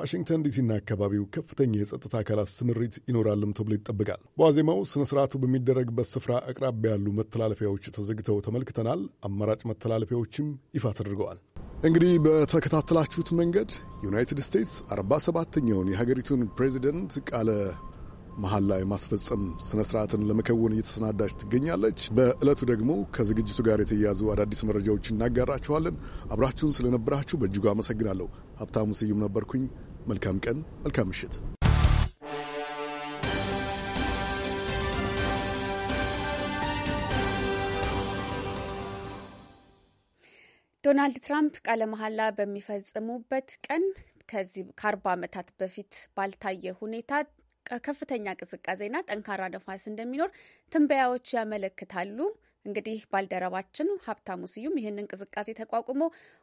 ዋሽንግተን ዲሲና አካባቢው ከፍተኛ የጸጥታ አካላት ስምሪት ይኖራልም ተብሎ ይጠበቃል። በዋዜማው ስነ ስርዓቱ በሚደረግበት ስፍራ አቅራቢያ ያሉ መተላለፊያዎች ተዘግተው ተመልክተናል። አማራጭ መተላለፊያዎችም ይፋ ተደርገዋል። እንግዲህ በተከታተላችሁት መንገድ ዩናይትድ ስቴትስ 47ኛውን የሀገሪቱን ፕሬዚደንት ቃለ መሐላ የማስፈጸም ስነስርዓትን ለመከወን እየተሰናዳች ትገኛለች። በእለቱ ደግሞ ከዝግጅቱ ጋር የተያያዙ አዳዲስ መረጃዎች እናጋራችኋለን። አብራችሁን ስለነበራችሁ በእጅጉ አመሰግናለሁ። ሀብታሙ ስዩም ነበርኩኝ። መልካም ቀን፣ መልካም ምሽት። ዶናልድ ትራምፕ ቃለ መሐላ በሚፈጽሙበት ቀን ከዚህ ከአርባ ዓመታት በፊት ባልታየ ሁኔታ ከፍተኛ ቅዝቃዜና ጠንካራ ነፋስ እንደሚኖር ትንበያዎች ያመለክታሉ። እንግዲህ ባልደረባችን ሀብታሙ ስዩም ይህንን ቅዝቃዜ ተቋቁሞ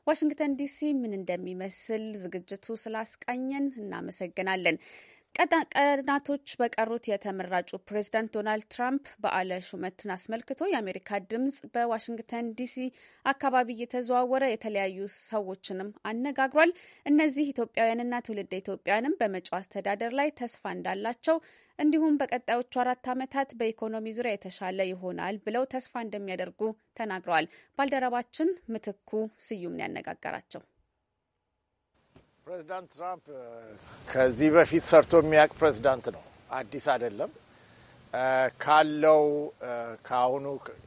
ዋሽንግተን ዲሲ ምን እንደሚመስል ዝግጅቱ ስላስቃኘን እናመሰግናለን። ቀናቶች በቀሩት የተመራጩ ፕሬዝዳንት ዶናልድ ትራምፕ በዓለ ሹመትን አስመልክቶ የአሜሪካ ድምጽ በዋሽንግተን ዲሲ አካባቢ እየተዘዋወረ የተለያዩ ሰዎችንም አነጋግሯል። እነዚህ ኢትዮጵያውያንና ትውልደ ኢትዮጵያውያንም በመጪው አስተዳደር ላይ ተስፋ እንዳላቸው እንዲሁም በቀጣዮቹ አራት ዓመታት በኢኮኖሚ ዙሪያ የተሻለ ይሆናል ብለው ተስፋ እንደሚያደርጉ ተናግረዋል። ባልደረባችን ምትኩ ስዩምን ያነጋገራቸው። ፕሬዚዳንት ትራምፕ ከዚህ በፊት ሰርቶ የሚያውቅ ፕሬዚዳንት ነው። አዲስ አይደለም። ካለው ከአሁኑ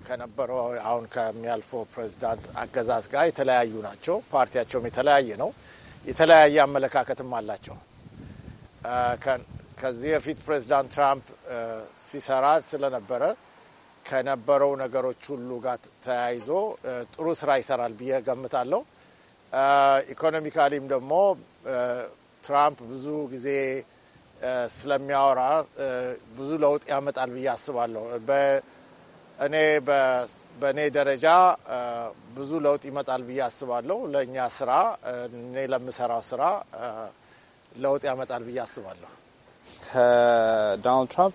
ከነበረው አሁን ከሚያልፈው ፕሬዚዳንት አገዛዝ ጋር የተለያዩ ናቸው። ፓርቲያቸውም የተለያየ ነው። የተለያየ አመለካከትም አላቸው። ከዚህ በፊት ፕሬዚዳንት ትራምፕ ሲሰራ ስለነበረ ከነበረው ነገሮች ሁሉ ጋር ተያይዞ ጥሩ ስራ ይሰራል ብዬ ገምታለሁ። ኢኮኖሚካሊም ደግሞ ትራምፕ ብዙ ጊዜ ስለሚያወራ ብዙ ለውጥ ያመጣል ብዬ አስባለሁ። እኔ በእኔ ደረጃ ብዙ ለውጥ ይመጣል ብዬ አስባለሁ። ለእኛ ስራ እኔ ለምሰራው ስራ ለውጥ ያመጣል ብዬ አስባለሁ። ከዶናልድ ትራምፕ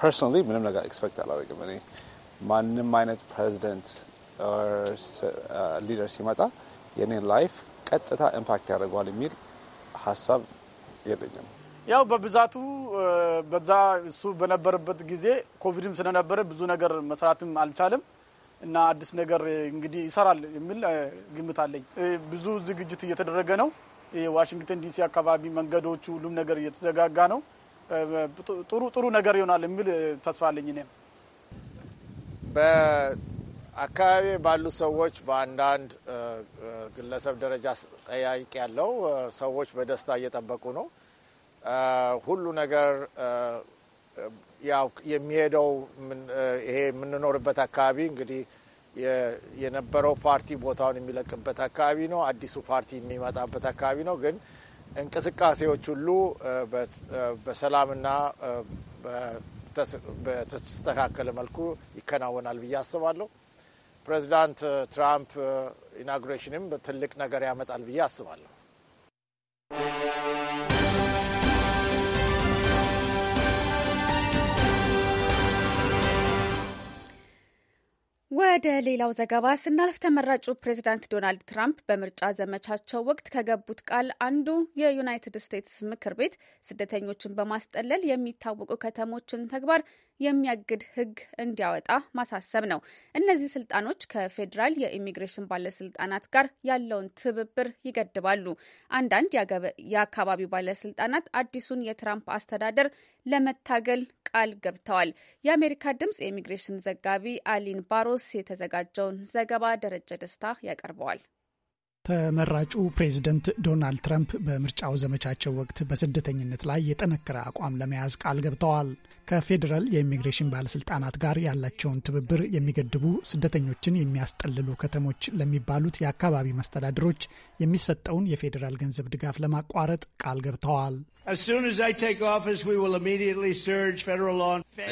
ፐርሶናሊ ምንም ነገር ኤክስፔክት አላደርግም። እኔ ማንም አይነት ፕሬዚደንት ሊደር ሲመጣ የኔን ላይፍ ቀጥታ ኢምፓክት ያደርገዋል የሚል ሀሳብ የለኝም። ያው በብዛቱ በዛ እሱ በነበረበት ጊዜ ኮቪድም ስለነበረ ብዙ ነገር መስራትም አልቻለም እና አዲስ ነገር እንግዲህ ይሰራል የሚል ግምት አለኝ። ብዙ ዝግጅት እየተደረገ ነው። ዋሽንግተን ዲሲ አካባቢ መንገዶቹ፣ ሁሉም ነገር እየተዘጋጋ ነው። ጥሩ ጥሩ ነገር ይሆናል የሚል ተስፋ አለኝ እኔም አካባቢ ባሉ ሰዎች በአንዳንድ ግለሰብ ደረጃ ጠያቂ ያለው ሰዎች በደስታ እየጠበቁ ነው። ሁሉ ነገር ያው የሚሄደው ይሄ የምንኖርበት አካባቢ እንግዲህ የነበረው ፓርቲ ቦታውን የሚለቅበት አካባቢ ነው። አዲሱ ፓርቲ የሚመጣበት አካባቢ ነው። ግን እንቅስቃሴዎች ሁሉ በሰላምና በተስተካከለ መልኩ ይከናወናል ብዬ አስባለሁ። ፕሬዚዳንት ትራምፕ ኢናጉሬሽንም ትልቅ ነገር ያመጣል ብዬ አስባለሁ። ወደ ሌላው ዘገባ ስናልፍ ተመራጩ ፕሬዚዳንት ዶናልድ ትራምፕ በምርጫ ዘመቻቸው ወቅት ከገቡት ቃል አንዱ የዩናይትድ ስቴትስ ምክር ቤት ስደተኞችን በማስጠለል የሚታወቁ ከተሞችን ተግባር የሚያግድ ህግ እንዲያወጣ ማሳሰብ ነው። እነዚህ ስልጣኖች ከፌዴራል የኢሚግሬሽን ባለስልጣናት ጋር ያለውን ትብብር ይገድባሉ። አንዳንድ የአካባቢው ባለስልጣናት አዲሱን የትራምፕ አስተዳደር ለመታገል ቃል ገብተዋል። የአሜሪካ ድምጽ የኢሚግሬሽን ዘጋቢ አሊን ባሮስ የተዘጋጀውን ዘገባ ደረጀ ደስታ ያቀርበዋል። ተመራጩ ፕሬዝደንት ዶናልድ ትራምፕ በምርጫው ዘመቻቸው ወቅት በስደተኝነት ላይ የጠነከረ አቋም ለመያዝ ቃል ገብተዋል። ከፌዴራል የኢሚግሬሽን ባለስልጣናት ጋር ያላቸውን ትብብር የሚገድቡ ስደተኞችን የሚያስጠልሉ ከተሞች ለሚባሉት የአካባቢ መስተዳድሮች የሚሰጠውን የፌዴራል ገንዘብ ድጋፍ ለማቋረጥ ቃል ገብተዋል።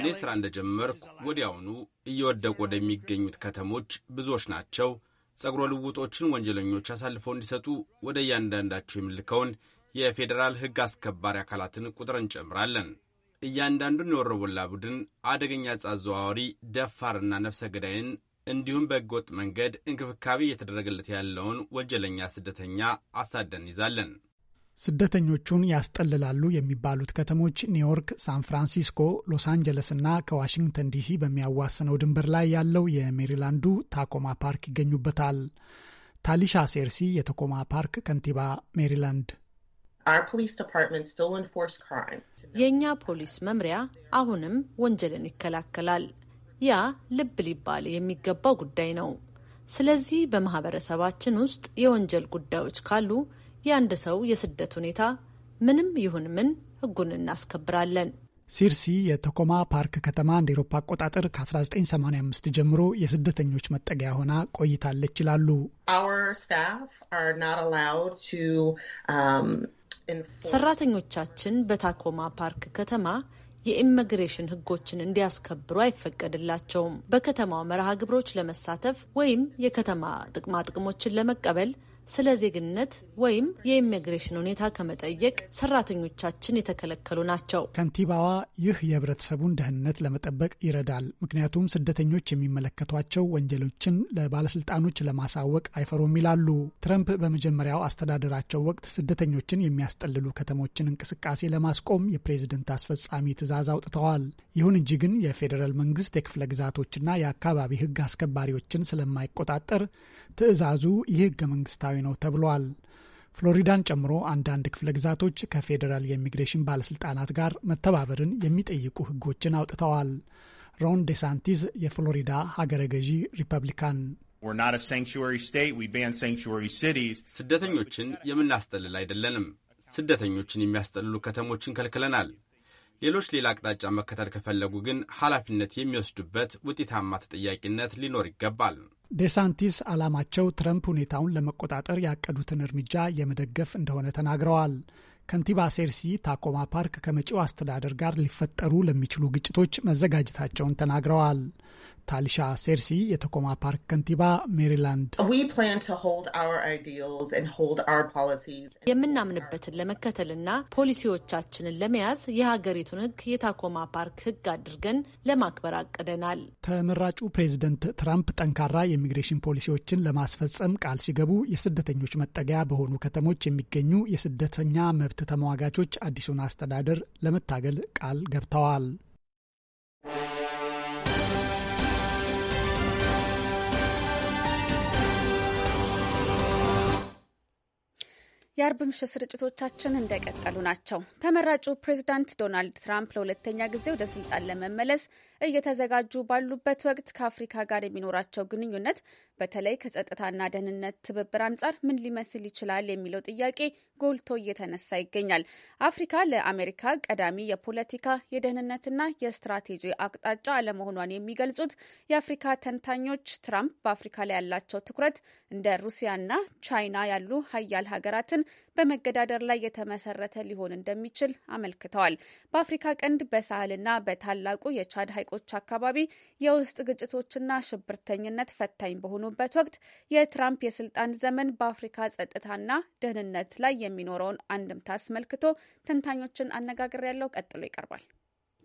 እኔ ስራ እንደጀመርኩ ወዲያውኑ እየወደቁ ወደሚገኙት ከተሞች ብዙዎች ናቸው ጸጉረ ልውጦችን ወንጀለኞች አሳልፈው እንዲሰጡ ወደ እያንዳንዳቸው የምልከውን የፌዴራል ሕግ አስከባሪ አካላትን ቁጥር እንጨምራለን። እያንዳንዱን የወሮበላ ቡድን አደገኛ ዕፅ አዘዋዋሪ፣ ደፋርና ነፍሰ ገዳይን እንዲሁም በሕገወጥ መንገድ እንክብካቤ እየተደረገለት ያለውን ወንጀለኛ ስደተኛ አሳደን ይዛለን። ስደተኞቹን ያስጠልላሉ የሚባሉት ከተሞች ኒውዮርክ፣ ሳን ፍራንሲስኮ፣ ሎስ አንጀለስና ከዋሽንግተን ዲሲ በሚያዋስነው ድንበር ላይ ያለው የሜሪላንዱ ታኮማ ፓርክ ይገኙበታል። ታሊሻ ሴርሲ የታኮማ ፓርክ ከንቲባ ሜሪላንድ የእኛ ፖሊስ መምሪያ አሁንም ወንጀልን ይከላከላል። ያ ልብ ሊባል የሚገባው ጉዳይ ነው። ስለዚህ በማህበረሰባችን ውስጥ የወንጀል ጉዳዮች ካሉ የአንድ ሰው የስደት ሁኔታ ምንም ይሁን ምን ህጉን እናስከብራለን። ሲርሲ የተኮማ ፓርክ ከተማ እንደ ኤሮፓ አቆጣጠር ከ1985 ጀምሮ የስደተኞች መጠለያ ሆና ቆይታለች ይላሉ። um, ሰራተኞቻችን በታኮማ ፓርክ ከተማ የኢሚግሬሽን ህጎችን እንዲያስከብሩ አይፈቀድላቸውም። በከተማው መርሃ ግብሮች ለመሳተፍ ወይም የከተማ ጥቅማጥቅሞችን ለመቀበል ስለ ዜግነት ወይም የኢሚግሬሽን ሁኔታ ከመጠየቅ ሰራተኞቻችን የተከለከሉ ናቸው። ከንቲባዋ ይህ የህብረተሰቡን ደህንነት ለመጠበቅ ይረዳል፣ ምክንያቱም ስደተኞች የሚመለከቷቸው ወንጀሎችን ለባለስልጣኖች ለማሳወቅ አይፈሩም ይላሉ። ትረምፕ በመጀመሪያው አስተዳደራቸው ወቅት ስደተኞችን የሚያስጠልሉ ከተሞችን እንቅስቃሴ ለማስቆም የፕሬዝደንት አስፈጻሚ ትዕዛዝ አውጥተዋል። ይሁን እንጂ ግን የፌዴራል መንግስት የክፍለ ግዛቶችና የአካባቢ ህግ አስከባሪዎችን ስለማይቆጣጠር ትዕዛዙ ይህ ህገ መንግስታዊ ነው ተብሏል። ፍሎሪዳን ጨምሮ አንዳንድ ክፍለ ግዛቶች ከፌዴራል የኢሚግሬሽን ባለስልጣናት ጋር መተባበርን የሚጠይቁ ሕጎችን አውጥተዋል። ሮን ዴሳንቲስ የፍሎሪዳ ሀገረ ገዢ ሪፐብሊካን ስደተኞችን የምናስጠልል አይደለንም። ስደተኞችን የሚያስጠልሉ ከተሞችን ከልክለናል። ሌሎች ሌላ አቅጣጫ መከተል ከፈለጉ ግን ኃላፊነት የሚወስዱበት ውጤታማ ተጠያቂነት ሊኖር ይገባል። ዴሳንቲስ ዓላማቸው ትረምፕ ሁኔታውን ለመቆጣጠር ያቀዱትን እርምጃ የመደገፍ እንደሆነ ተናግረዋል። ከንቲባ ሴርሲ ታኮማ ፓርክ ከመጪው አስተዳደር ጋር ሊፈጠሩ ለሚችሉ ግጭቶች መዘጋጀታቸውን ተናግረዋል። ታሊሻ ሴርሲ የተኮማ ፓርክ ከንቲባ ሜሪላንድ፣ የምናምንበትን ለመከተልና ፖሊሲዎቻችንን ለመያዝ የሀገሪቱን ሕግ የታኮማ ፓርክ ሕግ አድርገን ለማክበር አቅደናል። ተመራጩ ፕሬዝደንት ትራምፕ ጠንካራ የኢሚግሬሽን ፖሊሲዎችን ለማስፈጸም ቃል ሲገቡ የስደተኞች መጠገያ በሆኑ ከተሞች የሚገኙ የስደተኛ መብት ሁለት ተሟጋቾች አዲሱን አስተዳደር ለመታገል ቃል ገብተዋል። የአርብ ምሽት ስርጭቶቻችን እንደቀጠሉ ናቸው። ተመራጩ ፕሬዚዳንት ዶናልድ ትራምፕ ለሁለተኛ ጊዜ ወደ ስልጣን ለመመለስ እየተዘጋጁ ባሉበት ወቅት ከአፍሪካ ጋር የሚኖራቸው ግንኙነት በተለይ ከጸጥታና ደህንነት ትብብር አንጻር ምን ሊመስል ይችላል የሚለው ጥያቄ ጎልቶ እየተነሳ ይገኛል። አፍሪካ ለአሜሪካ ቀዳሚ የፖለቲካ የደህንነትና የስትራቴጂ አቅጣጫ አለመሆኗን የሚገልጹት የአፍሪካ ተንታኞች ትራምፕ በአፍሪካ ላይ ያላቸው ትኩረት እንደ ሩሲያና ቻይና ያሉ ሀያል ሀገራትን በመገዳደር ላይ የተመሰረተ ሊሆን እንደሚችል አመልክተዋል። በአፍሪካ ቀንድ በሳህልና በታላቁ የቻድ ሐይቆች አካባቢ የውስጥ ግጭቶችና ሽብርተኝነት ፈታኝ በሆኑበት ወቅት የትራምፕ የስልጣን ዘመን በአፍሪካ ጸጥታና ደህንነት ላይ የሚኖረውን አንድምታ አስመልክቶ ተንታኞችን አነጋግር ያለው ቀጥሎ ይቀርባል።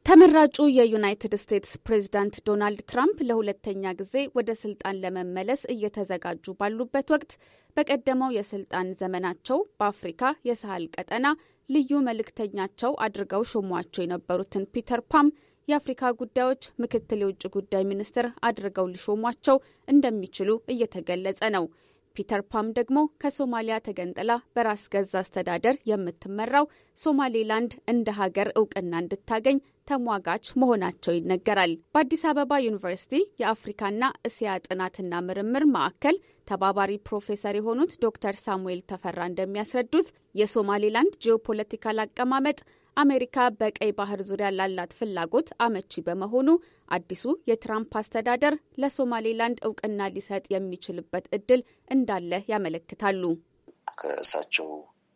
ተመራጩ የዩናይትድ ስቴትስ ፕሬዚዳንት ዶናልድ ትራምፕ ለሁለተኛ ጊዜ ወደ ስልጣን ለመመለስ እየተዘጋጁ ባሉበት ወቅት በቀደመው የስልጣን ዘመናቸው በአፍሪካ የሳህል ቀጠና ልዩ መልእክተኛቸው አድርገው ሾሟቸው የነበሩትን ፒተር ፓም የአፍሪካ ጉዳዮች ምክትል የውጭ ጉዳይ ሚኒስትር አድርገው ሊሾሟቸው እንደሚችሉ እየተገለጸ ነው። ፒተር ፓም ደግሞ ከሶማሊያ ተገንጥላ በራስ ገዝ አስተዳደር የምትመራው ሶማሌላንድ እንደ ሀገር እውቅና እንድታገኝ ተሟጋች መሆናቸው ይነገራል። በአዲስ አበባ ዩኒቨርሲቲ የአፍሪካና እስያ ጥናትና ምርምር ማዕከል ተባባሪ ፕሮፌሰር የሆኑት ዶክተር ሳሙኤል ተፈራ እንደሚያስረዱት የሶማሌላንድ ጂኦፖለቲካል አቀማመጥ አሜሪካ በቀይ ባህር ዙሪያ ላላት ፍላጎት አመቺ በመሆኑ አዲሱ የትራምፕ አስተዳደር ለሶማሌላንድ እውቅና ሊሰጥ የሚችልበት እድል እንዳለ ያመለክታሉ። ከእሳቸው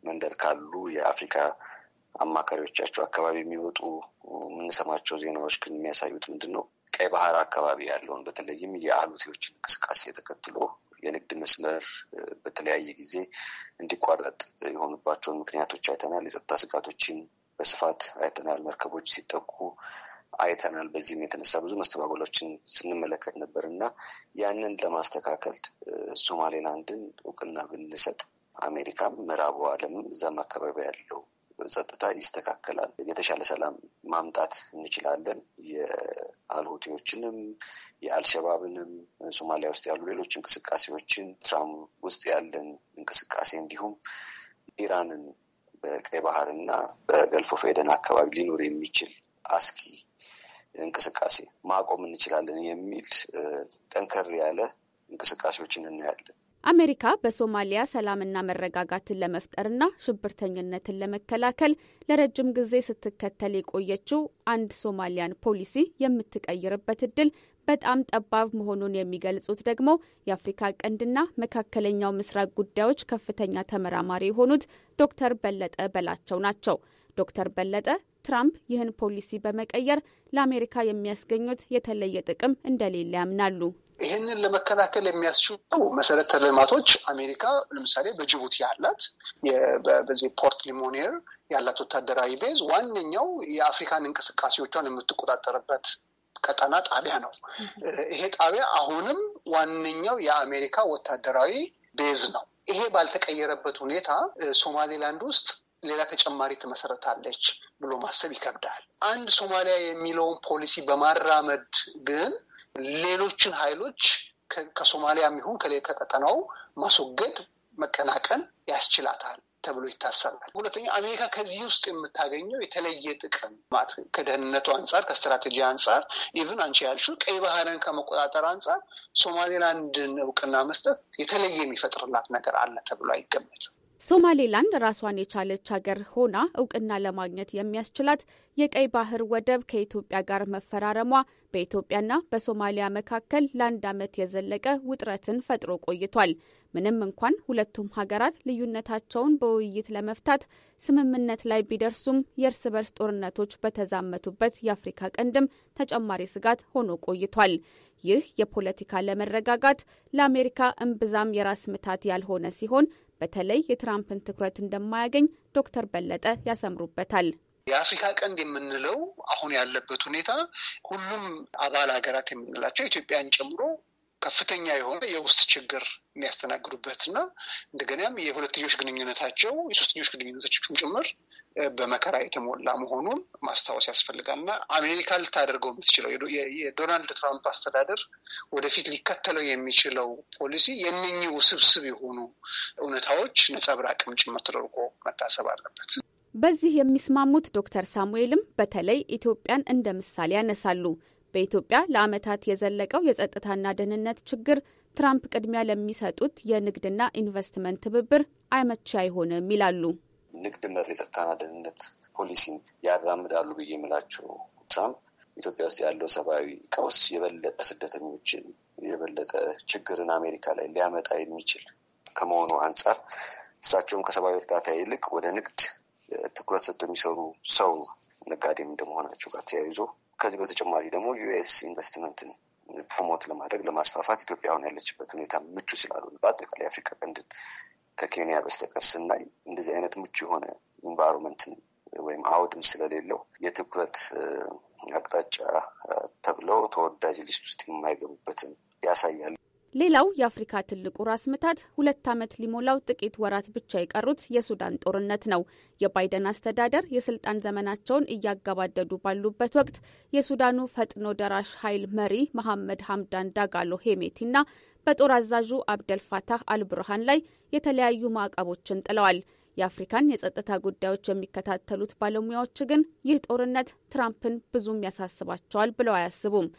መንደር ካሉ የአፍሪካ አማካሪዎቻቸው አካባቢ የሚወጡ የምንሰማቸው ዜናዎች ግን የሚያሳዩት ምንድን ነው? ቀይ ባህር አካባቢ ያለውን በተለይም የአሉቴዎችን እንቅስቃሴ ተከትሎ የንግድ መስመር በተለያየ ጊዜ እንዲቋረጥ የሆኑባቸውን ምክንያቶች አይተናል። የጸጥታ ስጋቶችን በስፋት አይተናል። መርከቦች ሲጠቁ አይተናል። በዚህም የተነሳ ብዙ መስተጓጎሎችን ስንመለከት ነበር እና ያንን ለማስተካከል ሶማሌላንድን እውቅና ብንሰጥ አሜሪካም ምዕራቡ ዓለም እዛም አካባቢ ያለው ጸጥታ ይስተካከላል፣ የተሻለ ሰላም ማምጣት እንችላለን። የአልሁቲዎችንም የአልሸባብንም ሶማሊያ ውስጥ ያሉ ሌሎች እንቅስቃሴዎችን ትራም ውስጥ ያለን እንቅስቃሴ እንዲሁም ኢራንን በቀይ ባህር እና በገልፎ ፌደን አካባቢ ሊኖር የሚችል አስኪ እንቅስቃሴ ማቆም እንችላለን የሚል ጠንከር ያለ እንቅስቃሴዎችን እናያለን። አሜሪካ በሶማሊያ ሰላምና መረጋጋትን ለመፍጠርና ሽብርተኝነትን ለመከላከል ለረጅም ጊዜ ስትከተል የቆየችው አንድ ሶማሊያን ፖሊሲ የምትቀይርበት እድል በጣም ጠባብ መሆኑን የሚገልጹት ደግሞ የአፍሪካ ቀንድና መካከለኛው ምስራቅ ጉዳዮች ከፍተኛ ተመራማሪ የሆኑት ዶክተር በለጠ በላቸው ናቸው። ዶክተር በለጠ ትራምፕ ይህን ፖሊሲ በመቀየር ለአሜሪካ የሚያስገኙት የተለየ ጥቅም እንደሌለ ያምናሉ። ይህንን ለመከላከል የሚያስችሉ መሰረተ ልማቶች አሜሪካ ለምሳሌ በጅቡቲ ያላት በዚህ ፖርት ሊሞኔር ያላት ወታደራዊ ቤዝ ዋነኛው የአፍሪካን እንቅስቃሴዎቿን የምትቆጣጠርበት ቀጠና ጣቢያ ነው። ይሄ ጣቢያ አሁንም ዋነኛው የአሜሪካ ወታደራዊ ቤዝ ነው። ይሄ ባልተቀየረበት ሁኔታ ሶማሌላንድ ውስጥ ሌላ ተጨማሪ ትመሰረታለች ብሎ ማሰብ ይከብዳል። አንድ ሶማሊያ የሚለውን ፖሊሲ በማራመድ ግን ሌሎችን ኃይሎች ከሶማሊያ የሚሆን ከቀጠናው ማስወገድ መቀናቀን ያስችላታል ተብሎ ይታሰባል። ሁለተኛ አሜሪካ ከዚህ ውስጥ የምታገኘው የተለየ ጥቅም ከደህንነቱ አንጻር፣ ከስትራቴጂ አንጻር ኢቭን አንቺ ያልሽው ቀይ ባህርን ከመቆጣጠር አንጻር ሶማሌላንድን እውቅና መስጠት የተለየ የሚፈጥርላት ነገር አለ ተብሎ አይገመትም። ሶማሌላንድ ራሷን የቻለች ሀገር ሆና እውቅና ለማግኘት የሚያስችላት የቀይ ባህር ወደብ ከኢትዮጵያ ጋር መፈራረሟ በኢትዮጵያና በሶማሊያ መካከል ለአንድ ዓመት የዘለቀ ውጥረትን ፈጥሮ ቆይቷል። ምንም እንኳን ሁለቱም ሀገራት ልዩነታቸውን በውይይት ለመፍታት ስምምነት ላይ ቢደርሱም የእርስ በርስ ጦርነቶች በተዛመቱበት የአፍሪካ ቀንድም ተጨማሪ ስጋት ሆኖ ቆይቷል። ይህ የፖለቲካ ለመረጋጋት ለአሜሪካ እምብዛም የራስ ምታት ያልሆነ ሲሆን በተለይ የትራምፕን ትኩረት እንደማያገኝ ዶክተር በለጠ ያሰምሩበታል። የአፍሪካ ቀንድ የምንለው አሁን ያለበት ሁኔታ ሁሉም አባል ሀገራት የምንላቸው ኢትዮጵያን ጨምሮ ከፍተኛ የሆነ የውስጥ ችግር የሚያስተናግዱበት እና እንደገናም የሁለትዮሽ ግንኙነታቸው የሶስትዮሽ ግንኙነቶችም ጭምር በመከራ የተሞላ መሆኑን ማስታወስ ያስፈልጋል እና አሜሪካ ልታደርገው የምትችለው የዶናልድ ትራምፕ አስተዳደር ወደፊት ሊከተለው የሚችለው ፖሊሲ የእነኚህ ውስብስብ የሆኑ እውነታዎች ነጸብራቅም ጭምር ተደርጎ መታሰብ አለበት። በዚህ የሚስማሙት ዶክተር ሳሙኤልም በተለይ ኢትዮጵያን እንደ ምሳሌ ያነሳሉ። በኢትዮጵያ ለዓመታት የዘለቀው የጸጥታና ደህንነት ችግር ትራምፕ ቅድሚያ ለሚሰጡት የንግድና ኢንቨስትመንት ትብብር አይመቼ አይሆንም ይላሉ። ንግድ መር የጸጥታና ደህንነት ፖሊሲን ያራምዳሉ ብዬ የምላቸው ትራምፕ ኢትዮጵያ ውስጥ ያለው ሰብአዊ ቀውስ የበለጠ ስደተኞችን የበለጠ ችግርን አሜሪካ ላይ ሊያመጣ የሚችል ከመሆኑ አንጻር እሳቸውም ከሰብአዊ እርዳታ ይልቅ ወደ ንግድ ትኩረት ሰጥቶ የሚሰሩ ሰው ነጋዴም እንደመሆናቸው ጋር ተያይዞ ከዚህ በተጨማሪ ደግሞ ዩኤስ ኢንቨስትመንትን ፕሮሞት ለማድረግ ለማስፋፋት ኢትዮጵያ አሁን ያለችበት ሁኔታ ምቹ ስላሉ በአጠቃላይ የአፍሪካ ቀንድን ከኬንያ በስተቀር ስናይ እንደዚህ አይነት ምቹ የሆነ ኢንቫይሮንመንትን ወይም አውድም ስለሌለው የትኩረት አቅጣጫ ተብለው ተወዳጅ ሊስት ውስጥ የማይገቡበትን ያሳያል። ሌላው የአፍሪካ ትልቁ ራስ ምታት ሁለት ዓመት ሊሞላው ጥቂት ወራት ብቻ የቀሩት የሱዳን ጦርነት ነው። የባይደን አስተዳደር የስልጣን ዘመናቸውን እያገባደዱ ባሉበት ወቅት የሱዳኑ ፈጥኖ ደራሽ ኃይል መሪ መሐመድ ሐምዳን ዳጋሎ ሄሜቲና በጦር አዛዡ አብደልፋታህ አልብርሃን ላይ የተለያዩ ማዕቀቦችን ጥለዋል። የአፍሪካን የጸጥታ ጉዳዮች የሚከታተሉት ባለሙያዎች ግን ይህ ጦርነት ትራምፕን ብዙም ያሳስባቸዋል ብለው አያስቡም።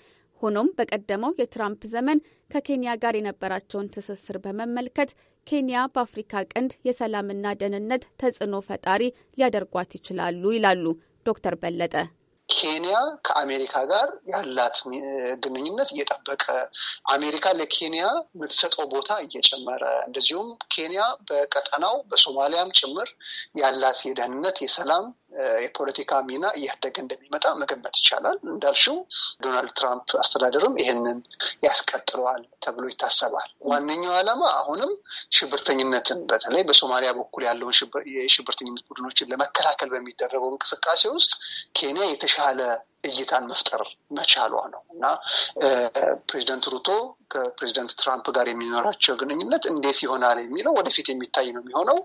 ሆኖም በቀደመው የትራምፕ ዘመን ከኬንያ ጋር የነበራቸውን ትስስር በመመልከት ኬንያ በአፍሪካ ቀንድ የሰላምና ደህንነት ተጽዕኖ ፈጣሪ ሊያደርጓት ይችላሉ ይላሉ ዶክተር በለጠ። ኬንያ ከአሜሪካ ጋር ያላት ግንኙነት እየጠበቀ አሜሪካ ለኬንያ የምትሰጠው ቦታ እየጨመረ እንደዚሁም ኬንያ በቀጠናው በሶማሊያም ጭምር ያላት የደህንነት የሰላም የፖለቲካ ሚና እያደገ እንደሚመጣ መገመት ይቻላል። እንዳልሽው ዶናልድ ትራምፕ አስተዳደርም ይህንን ያስቀጥለዋል ተብሎ ይታሰባል። ዋነኛው ዓላማ አሁንም ሽብርተኝነትን በተለይ በሶማሊያ በኩል ያለውን የሽብርተኝነት ቡድኖችን ለመከላከል በሚደረገው እንቅስቃሴ ውስጥ ኬንያ የተሻለ እይታን መፍጠር መቻሏ ነው እና ፕሬዚደንት ሩቶ ከፕሬዚደንት ትራምፕ ጋር የሚኖራቸው ግንኙነት እንዴት ይሆናል የሚለው ወደፊት የሚታይ ነው የሚሆነው።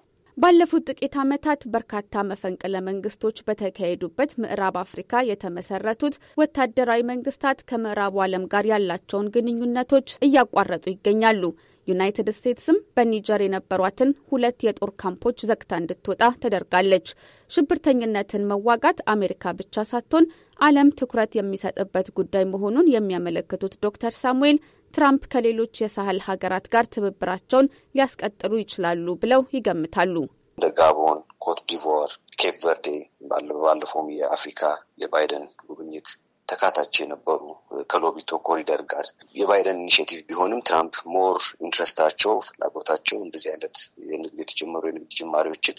ባለፉት ጥቂት ዓመታት በርካታ መፈንቅለ መንግስቶች በተካሄዱበት ምዕራብ አፍሪካ የተመሰረቱት ወታደራዊ መንግስታት ከምዕራቡ ዓለም ጋር ያላቸውን ግንኙነቶች እያቋረጡ ይገኛሉ። ዩናይትድ ስቴትስም በኒጀር የነበሯትን ሁለት የጦር ካምፖች ዘግታ እንድትወጣ ተደርጋለች። ሽብርተኝነትን መዋጋት አሜሪካ ብቻ ሳትሆን ዓለም ትኩረት የሚሰጥበት ጉዳይ መሆኑን የሚያመለክቱት ዶክተር ሳሙኤል ትራምፕ ከሌሎች የሳህል ሀገራት ጋር ትብብራቸውን ሊያስቀጥሉ ይችላሉ ብለው ይገምታሉ። እንደ ጋቦን፣ ኮት ዲቮር፣ ኬፕ ቨርዴ ባለፈውም የአፍሪካ የባይደን ጉብኝት ተካታች የነበሩ ከሎቢቶ ኮሪደር ጋር የባይደን ኢኒሽቲቭ ቢሆንም ትራምፕ ሞር ኢንትረስታቸው ፍላጎታቸው እንደዚህ አይነት የንግድ የተጀመሩ የንግድ ጅማሬዎችን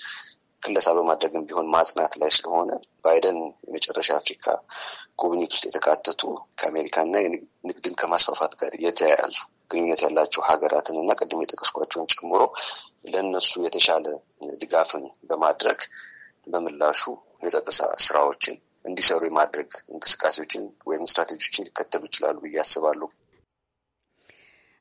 ክለሳ በማድረግም ቢሆን ማጽናት ላይ ስለሆነ ባይደን የመጨረሻ አፍሪካ ጉብኝት ውስጥ የተካተቱ ከአሜሪካና ንግድን ከማስፋፋት ጋር የተያያዙ ግንኙነት ያላቸው ሀገራትን እና ቅድም የጠቀስኳቸውን ጨምሮ ለእነሱ የተሻለ ድጋፍን በማድረግ በምላሹ የጸጥታ ስራዎችን እንዲሰሩ የማድረግ እንቅስቃሴዎችን ወይም ስትራቴጂዎችን ሊከተሉ ይችላሉ ብዬ አስባለሁ።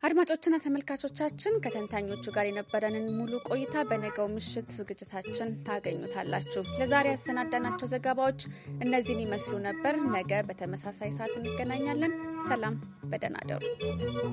አድማጮችና ተመልካቾቻችን ከተንታኞቹ ጋር የነበረንን ሙሉ ቆይታ በነገው ምሽት ዝግጅታችን ታገኙታላችሁ። ለዛሬ ያሰናዳናቸው ዘገባዎች እነዚህን ይመስሉ ነበር። ነገ በተመሳሳይ ሰዓት እንገናኛለን። ሰላም፣ በደህና እደሩ።